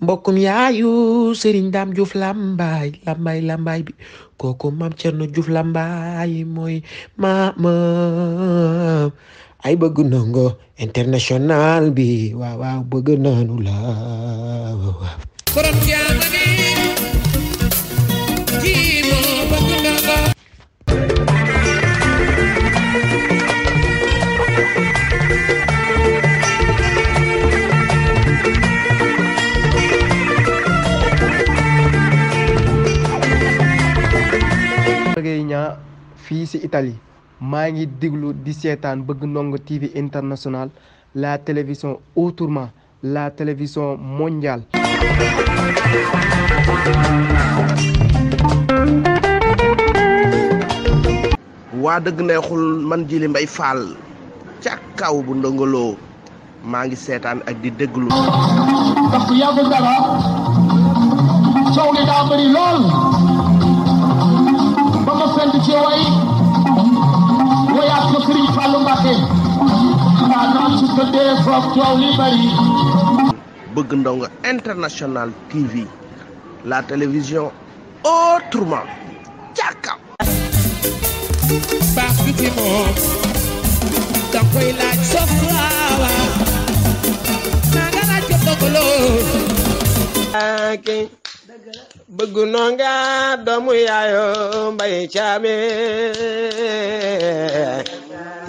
mbokkum yaayu Serigne Dame Diouf Lambaye Lambaye Lambaye bi kooku maam Thierno Diouf Lambaye mooy maamam ay bëgg nongo international bi waaw waaw bëgg naanu la waaw Gueye Niang fii ci Italie maa ngi déglu di seetaan bëgg ndongo TV international la télévision autrement la télévision mondiale. waa dëgg neexul man jili mbay faal ca kaw bu ndongoloo maa ngi seetaan ak di déglu coow li daa bëri lool international international tv la télévision autrement bëgg nonga doomu yaayo mbay caame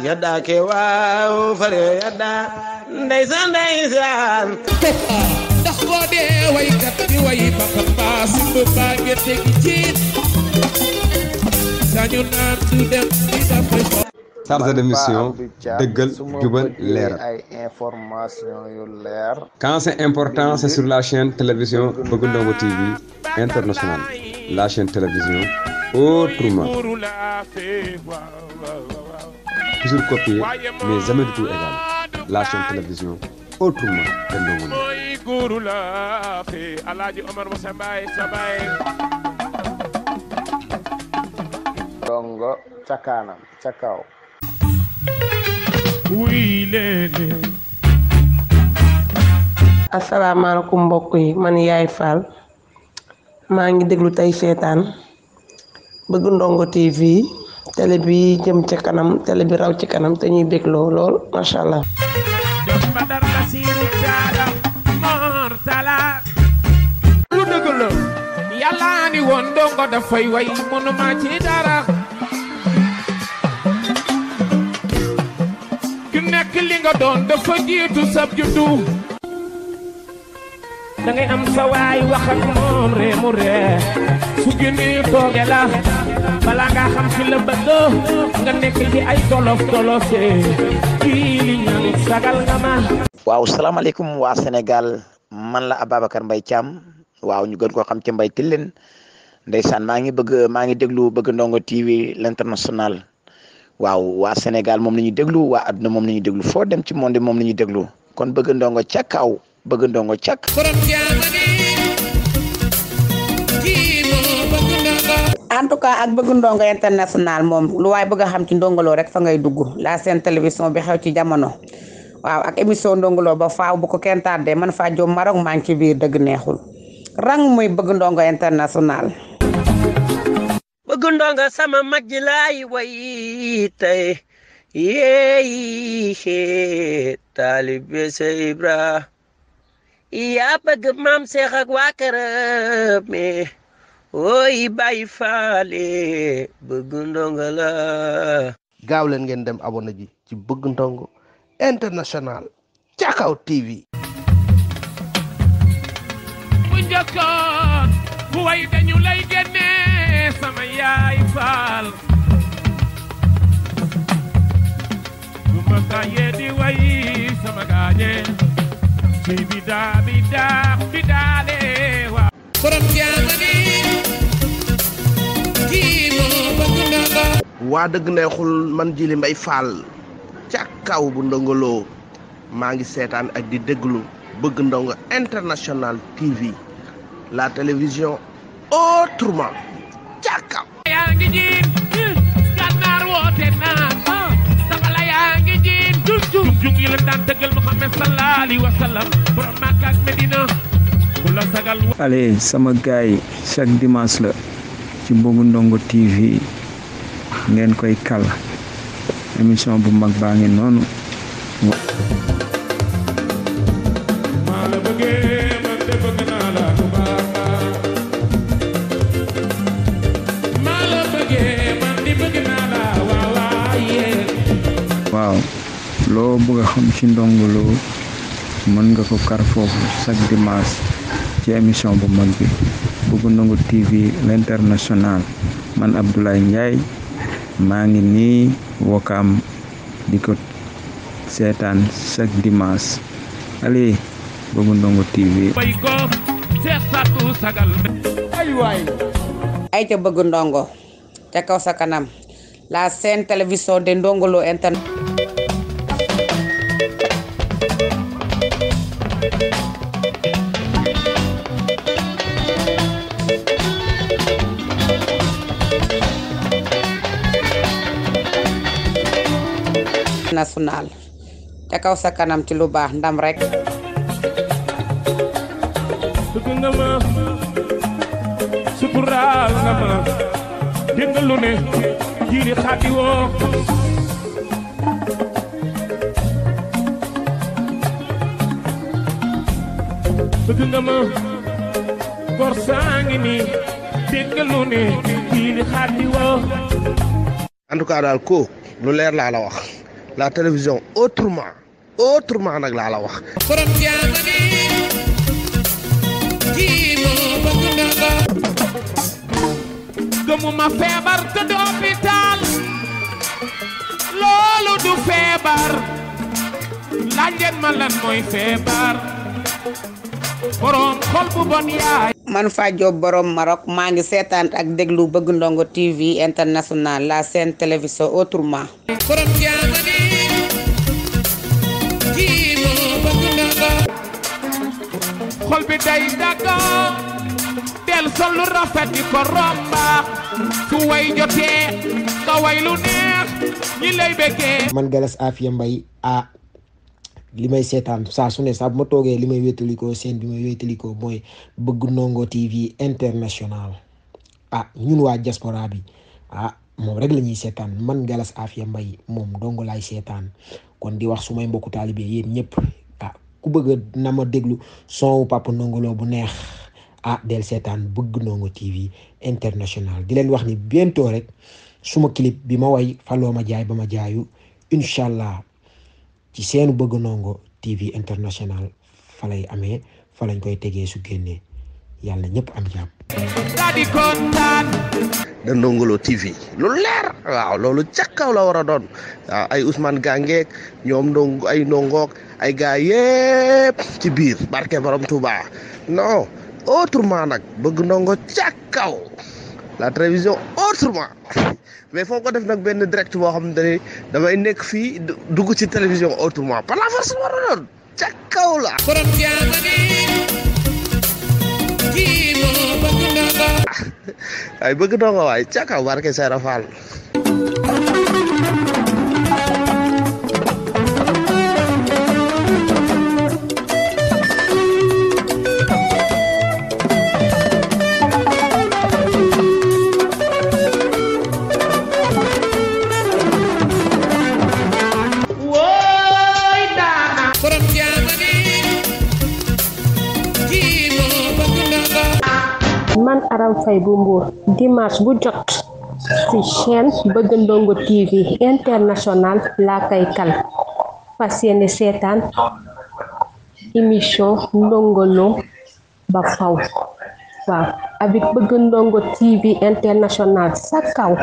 yadda ke waaw fare yadda ndeysaan ndeysaan (laughs) ndax boo dee waykat bi way baka paas bu baage tegi jiit sañu naan dem di dafa chargé de mission dëggal jubal leeral quand c'est important c'est sur la chaîne télévision Bëgg TV international la chaîne télévision autrement toujours copier mais jamais du tout égal la chaîne télévision autrement de Assalamualaikum asalaamaaleykum mbokk yi man yaay Fall maa ngi déglu tey seetaan bëgg ndongo TV télé bi jëm ci kanam télé bi raw ci kanam te ñuy lool macha allah. fekk don nga doon to jiitu sab juddu da ngay am sa way wax ak mom re mu re su gene tooge la bala nga xam ci le bëgg nga nek ci ay tolof tolofé ki li ñaan sagal nga ma waaw alaykum wa senegal man la ababakar mbay cham waaw ñu gën ko xam ci mbay Tilène ndaysan ma ngi bëgg ma ngi déglu bëgg ndongo TV l'international waaw waa Sénégal moom la ñuy déglu waa adduna moom la ñuy déglu foo dem ci monde moom la ñuy déglu kon bëgg ndongo ca kaw bëgg ndongo ca en tout cas ak bëgg ndongo international moom lu waaye bëgg a xam ci Ndongo rek fa ngay dugg la seen télévision bi xew ci jamono waaw ak émission Ndongo ba faaw bu ko kenn de man faa jom Maroc maa ngi ci dëgg neexul rang muy bëgg ndongo international gundonga sama majelai waite yei yei tey yeey ibra iya bëgg maam seex me waa oi bai fale, faale la gaaw ngeen dem abonné ji ci international ca tv bu yaay faal du kaye di wayi sama gaañe ci bidaa bidaa bidaale waa borom jaama ni kii moo bëgg ndongo waa dëgg neexul man jili mbay faal ca kaw bu ndongoloo maa ngi seetaan ak di déglu bëgg ndongo international tv la télévision autrement. Tchau, jung yi leen daan dëggal Muhammad sallallahu alayhi wa sallam borom Makka ak Medina ku la sagal allez sama gaay chaque dimanche la ci Boobu Ndongo TV ngeen koy kal émission bu mag baa ngi noonu nga xam ci Ndongo nga ko kar foofu chaque dimanche ci TV l'international man Abdoulaye Ndiaye maa ngi nii wokam di ko seetaan chaque dimanche allez Ndongo TV ay ca bëgg ndongo ca kaw sa kanam la seen télévision de Ndongo Lo internet national ca kaw sa kanam ci lu baax ndam rek bëgg nga ma suturaal ne jiiri xaati woo bëgg nga ma gor saa ngi nii ne jiiri xaati woo en tout cas daal ko lu leer laa la wax la télévision autrement autrement nag la wax. gëmuma feebar tëdd hôpital loolu du feebar laaj leen ma lan mooy feebar. borom xol bu bon yaay man fajo borom Maroc maa ngi seetaan ak deglu beug ndongo TV international la scène télévision autrement borom jaamani kii moo bëgg ndongo xol bi day daga del solo rafet di ko romba su way jotté ka way lu neex ñi lay bëggee man galas afiya mbay a li may seetaan saa su ne saa bu ma toogee li may wétalikoo seen bi may wétalikoo mooy bëgg Ndongo TV international ah ñun waa diaspora bi ah moom rek la ñuy seetaan man Galas Afia mbay moom Ndongo laay seetaan kon di wax su may mbokku taalibe yéen ñëpp ah ku bëgg na ma déglu son papa Ndongo Lo bu neex ah del seetaan bëgg Ndongo TV international di leen wax ni bientôt rek suma clip bi ma way faloo ma jaay ba ma jaayu incha allah ci seenu bëgg ndongo TV international fa lay amee fa lañ koy tegee su génnee yàlla ñëpp am jàpp. di kontaan. da Ndongo TV lu leer waaw loolu ca kaw la war a doon waaw ay Ousmane Gangeek ñoom ndong ay ndongook ay gaa yëpp ci biir barke Borom Touba non autrement nag bëgg ndongo ca kaw la télévision autrement. mais foo ko def nag benn direct boo xam ne damay nekk fii dugg ci télévision autrement par la force war a doon ca (laughs) ay bëgg naa ko waay ca kaw barke Sera Fall. fay bu Mbour dimanche bu jot ci chaîne beugandongo TV international la kay kal fasiyene setan seetaan émission Ndongo ba faw wa avec beugandongo TV international sa kaw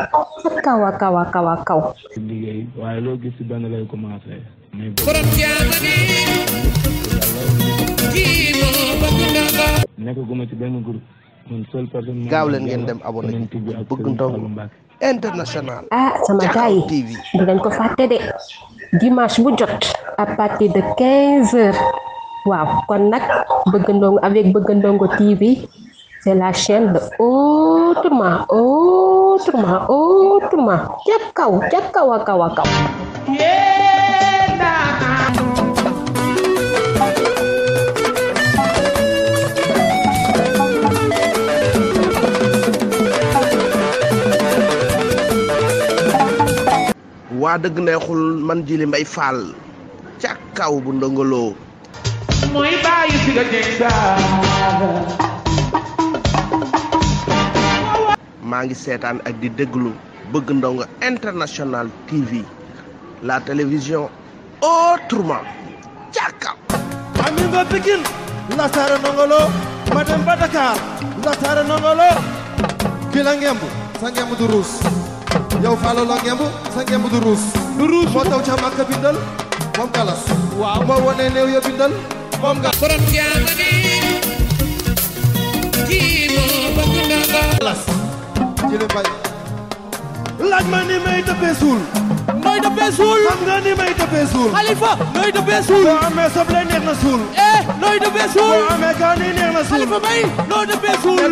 sa kaw kaw kaw a kaw liggéey waaye gis ci benn lay commencé borom jaamani ci benn groupe gaaw leen ngeen dem abonné bëgg ndongo international. ah sama gars yi dinañ ko fàtte de dimanche bu jot à partir de 15 heures waaw kon nag bëgg ndongo avec bëgg ndongo TV c' est la chaîne de autrement autrement autrement ca kaw ca kaw a kaw a kaw. wa deug neexul man jili mbay faal ca kaw bu ndongoloo mooy bàyyi si nga jëg ma ngi seetaan ak di déglu bëgg ndong international tv la télévision autrement ca kaw ami nga pikin la ndongoloo ma dem ba dakar sara ndongolo ki la ngemb sa ngemb du ruus yow falo la ngemb sa ngemb du ruus. du ruus moo taw ca Màkka bindal moom galas. waaw moo wane néew ya bindal moom galas. borom jaama ni kii moo bëgg na ko. galas jële bay. laaj ma ni may dëppee suul. nooy dëppee suul. xam nga ni may dëppee suul. Khalifa nooy dëppee suul. boo amee soble neex na suul. eh nooy dëppee suul. boo amee kaani neex na suul. Khalifa matu. nooy dëppee suul.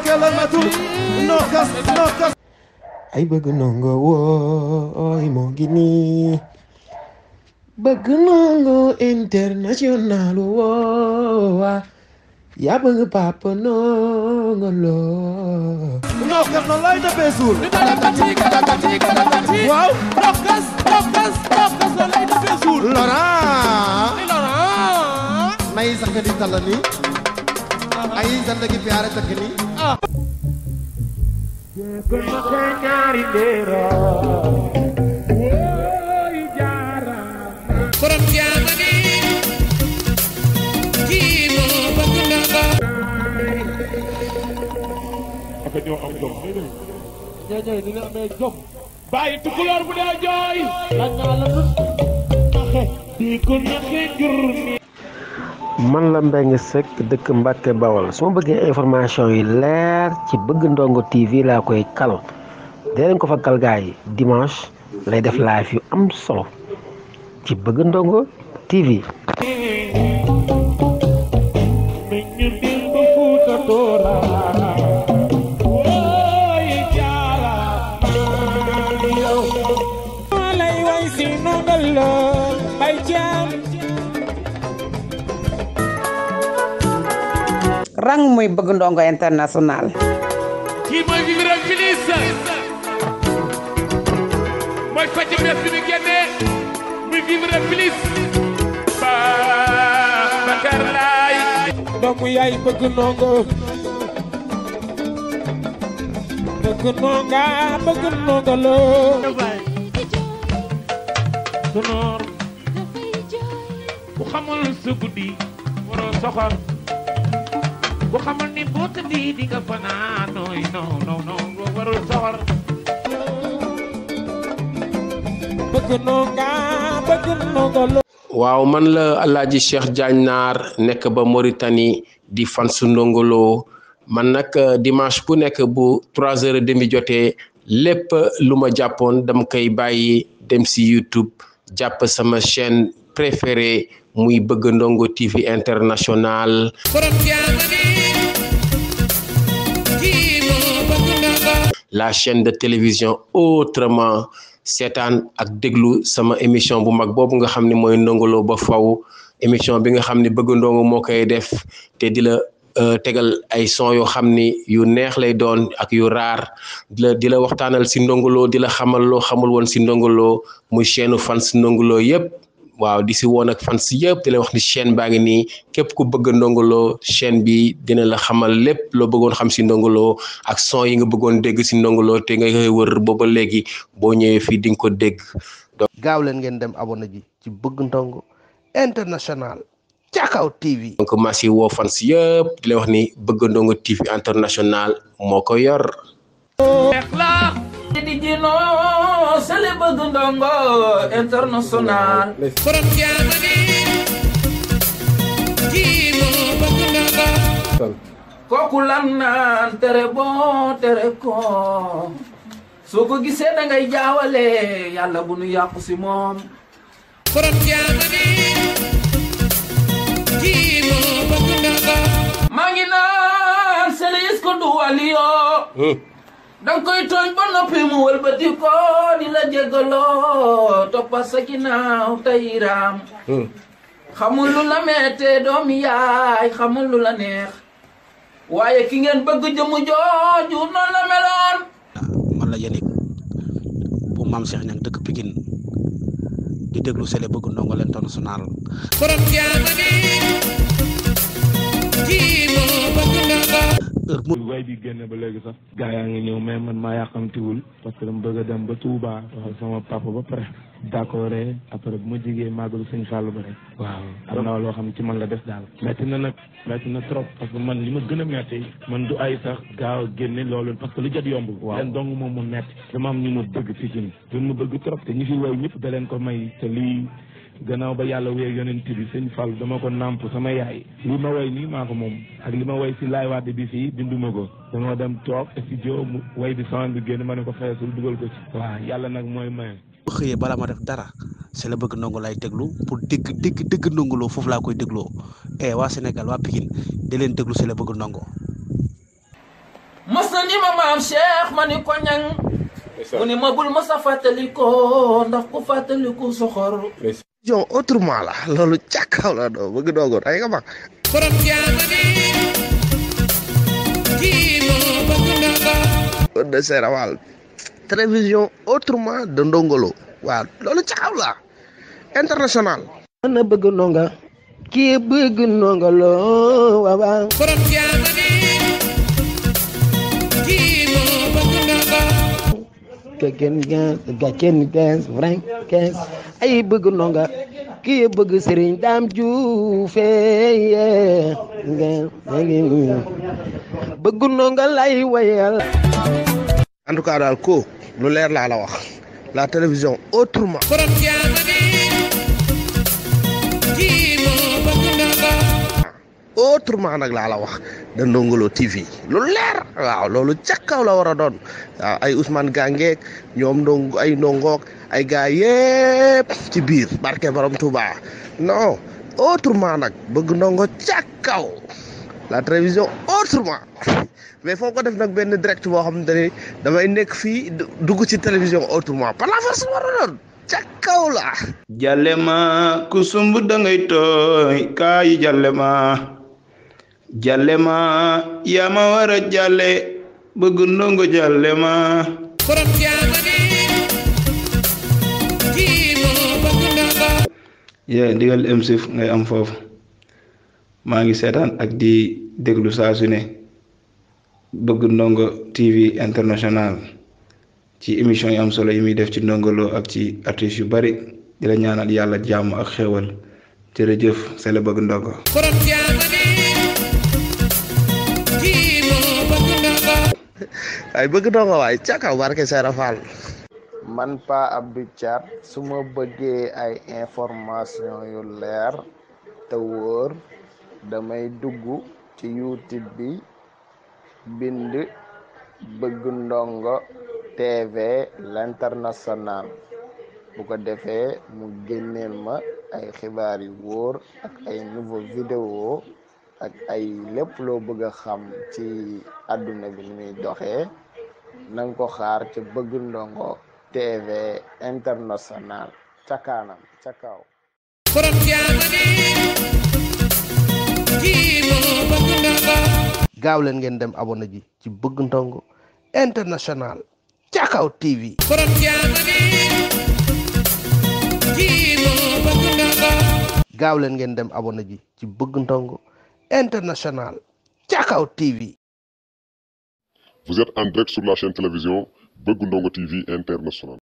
kelematu nokas nokas. Hai begunung gowo, oi mau gini. Begunung go internasional wo. Ya bang papa no ngolo. No karena lain apa sur? Tidak ada tadi, tidak tadi, tidak tadi. Wow, rokas, rokas, rokas lain apa sur? lora. Lara. Nai sakit di talani. Nai sakit di piara sakini. Ah. jégal ma ko ñaari ndéeram wóoy jaaraama borom jaama ni kii moo bëgg ndamba aka ñoo am jom ñooñooy dina amee jom bàyyi tukulóor bu dee jooy la ñaa la tut axe di ko naxe jur man la Mbengue Seck dëkk mbakk Bawol su ma bëggee information yi leer ci bëgg ndongo TV laa koy kal dee leen ko fa kal yi dimanche lay def live yu am solo ci bëgg ndongo TV. rang muy bëgg ndongo international kii mooy Biram Filisa mooy faj bés bi ñu génnee muy Biram Filis Babacar Laay doomu yaay bëgg ndongo bëgg ndonga bëgg ndongo waaw man la Alaaji Cheikh Diagne Naar nekk ba Mauritanie di fan su man nag euh, dimanche bu nekk bu trois heures et jotee lépp lu ma jàppoon dama koy bàyyi dem si YouTube jàpp sama chaîne préférée muy bëgg ndongo TV international. la chaîne de télévision autrement sétane ak déglu sama émission bu mag boobu nga xam ne mooy Lo ba faw émission bi nga xam ne bëgg ndongo moo koy def te di la euh, tegal ay son yoo xam ni yu neex lay doon ak yu raar di la di la waxtaanal si Ndongo di la xamal loo xamul woon si Ndongo muy chaîne fans Ndongo Lo waaw di si woon ak fan si yëpp di leen wax ni chaîne baa ngi nii képp ku bëgg Ndongo Lo bi dina la xamal lépp loo bëggoon xam si Ndongo ak son yi nga bëggoon dégg si Ndongo Lo te nga koy wër ba léegi boo ñëwee fii di nga ko dégg. gaaw leen ngeen dem abonné ji ci bëgg Ndongo international. Cakaw TV. donc maa si woo fans yëpp di leen wax ni bëgg Ndongo TV international moo ko yor. di jino sale bëgg ndongo international borom jaamani kii moo bëgg ndongo kooku lan naan tere boo tere ko soo ko gisee da ngay jaawale yàlla bu nu yàqu si moom borom jaamani kii moo bëgg ndongo maa ngi naan sale is ko du waliyo dang koy tooñ ba noppi mu wëlbati ko di la jégaloo toppa sa ginnaaw tey raam xamul lu la mettee dom yaay xamul lu la neex waye ki ngeen bëgg jëm joju non la meloon man la yénig bu mam Cheikh ñang dëkk Pikine di déglu sele bëgg ndongo leen international borom jaamani kii moo bëgg ndongo heure bu bi génne ba léegi sax gaa yaa ngi ñëw mais man maa yàqamtiwul parce que dama bëgg dem ba Touba wax sama papa ba pare d'accord après bu ma jigee màggalu sëñ Fallou ba rek waaw am loo xam ci man la def daal metti na nag metti na trop parce que man li ma gën a metti man du ay sax gaaw a génne loolu parce que lu jot yomb waaw leen dong moom mu metti dama am ñu ma bëgg fi jin ma bëgg trop te ñi fi way ñëpp da ko may te lii gannaaw ba yàlla wee yonent bi sëñ Fall dama ko nàmp sama yaay li ma way nii maa ko moom ak li ma way si laay waat bi fii binduma ko dañoo dem toog studio mu bi sama bi génn ma ne ko feesul dugal ko ci waaw yàlla nag mooy maye xëyee bala ma def dara c'est la bëgg ndongo lay déglu pour dégg dégg dégg foofu laa koy dégloo e waa Sénégal waa Pikine di leen déglu c'est la bëgg ndongo mas na ni ma maam Cheikh ma ni ko ñang mu ni ma bul ma sa fàttalikoo ndax ku fàttaliku soxor Jom otur oh, malah lalu cakau lah doh bagi doh gor ayam bang. Udah saya rawal televisi jom otur oh, malah dendong wah lalu cakau lah internasional. Anak bagi nonga ah? kibu bagi nonga ah, lo wah bang. kenn kenn quinze vingt quinze ay bëgg ndonga kii bëgg sëriñ daam juufe bëgg ndonga lay wayal en tout cas daal ko lu leer laa la wax la télévision autrement autre nag laa la wax da ndongolo TV lu leer waaw lolu ci kaw la wara don ay Ousmane Gangeek ñom ndong ay ndongok ay gaay yépp ci biir barke borom Touba non autrement nag bëgg ndongo ci kaw la télévision autrement mais foo ko def nak ben direct bo xam ne damay nek Palafas dugg ci télévision autrement par la force wara don Jalema ca kaw la ku jalema ya yaa ma war a ya bëgg ndongo ndigal mc ngay am fofu maa ngi seetaan ak di déglu saa su ne bëgg ndongo TV international ci émission yu am solo yi muy def ci Ndongo ak ci artiste yu bari di la ñaanal yàlla jàmm ak xéewal jërëjëf sele bëgg ndongo waaye bëgg doo nga waay cakaw barke Seera Fall man Pa Abdou Thiat su ma bëggee ay information yu leer te wóor damay dugg ci youtube bi bind bëgg ndongo tv l'international bu ko defee mu génneel ma ay xibaar yu wóor ak ay nouveau vidéo ak ay lépp loo bëgg xam ci àdduna bi ni muy internasional. ko xaar ca bëgg ndongo tv international ca kaanam ca kaw gaaw leen ngeen dem abonné ji ci bëgg ndongo international ca kaw tv gaaw leen ngeen dem abonné ji ci bëgg ndongo international Thiakaw TV. Vous êtes en direct sur la chaîne télévision Beug Ndongo TV International.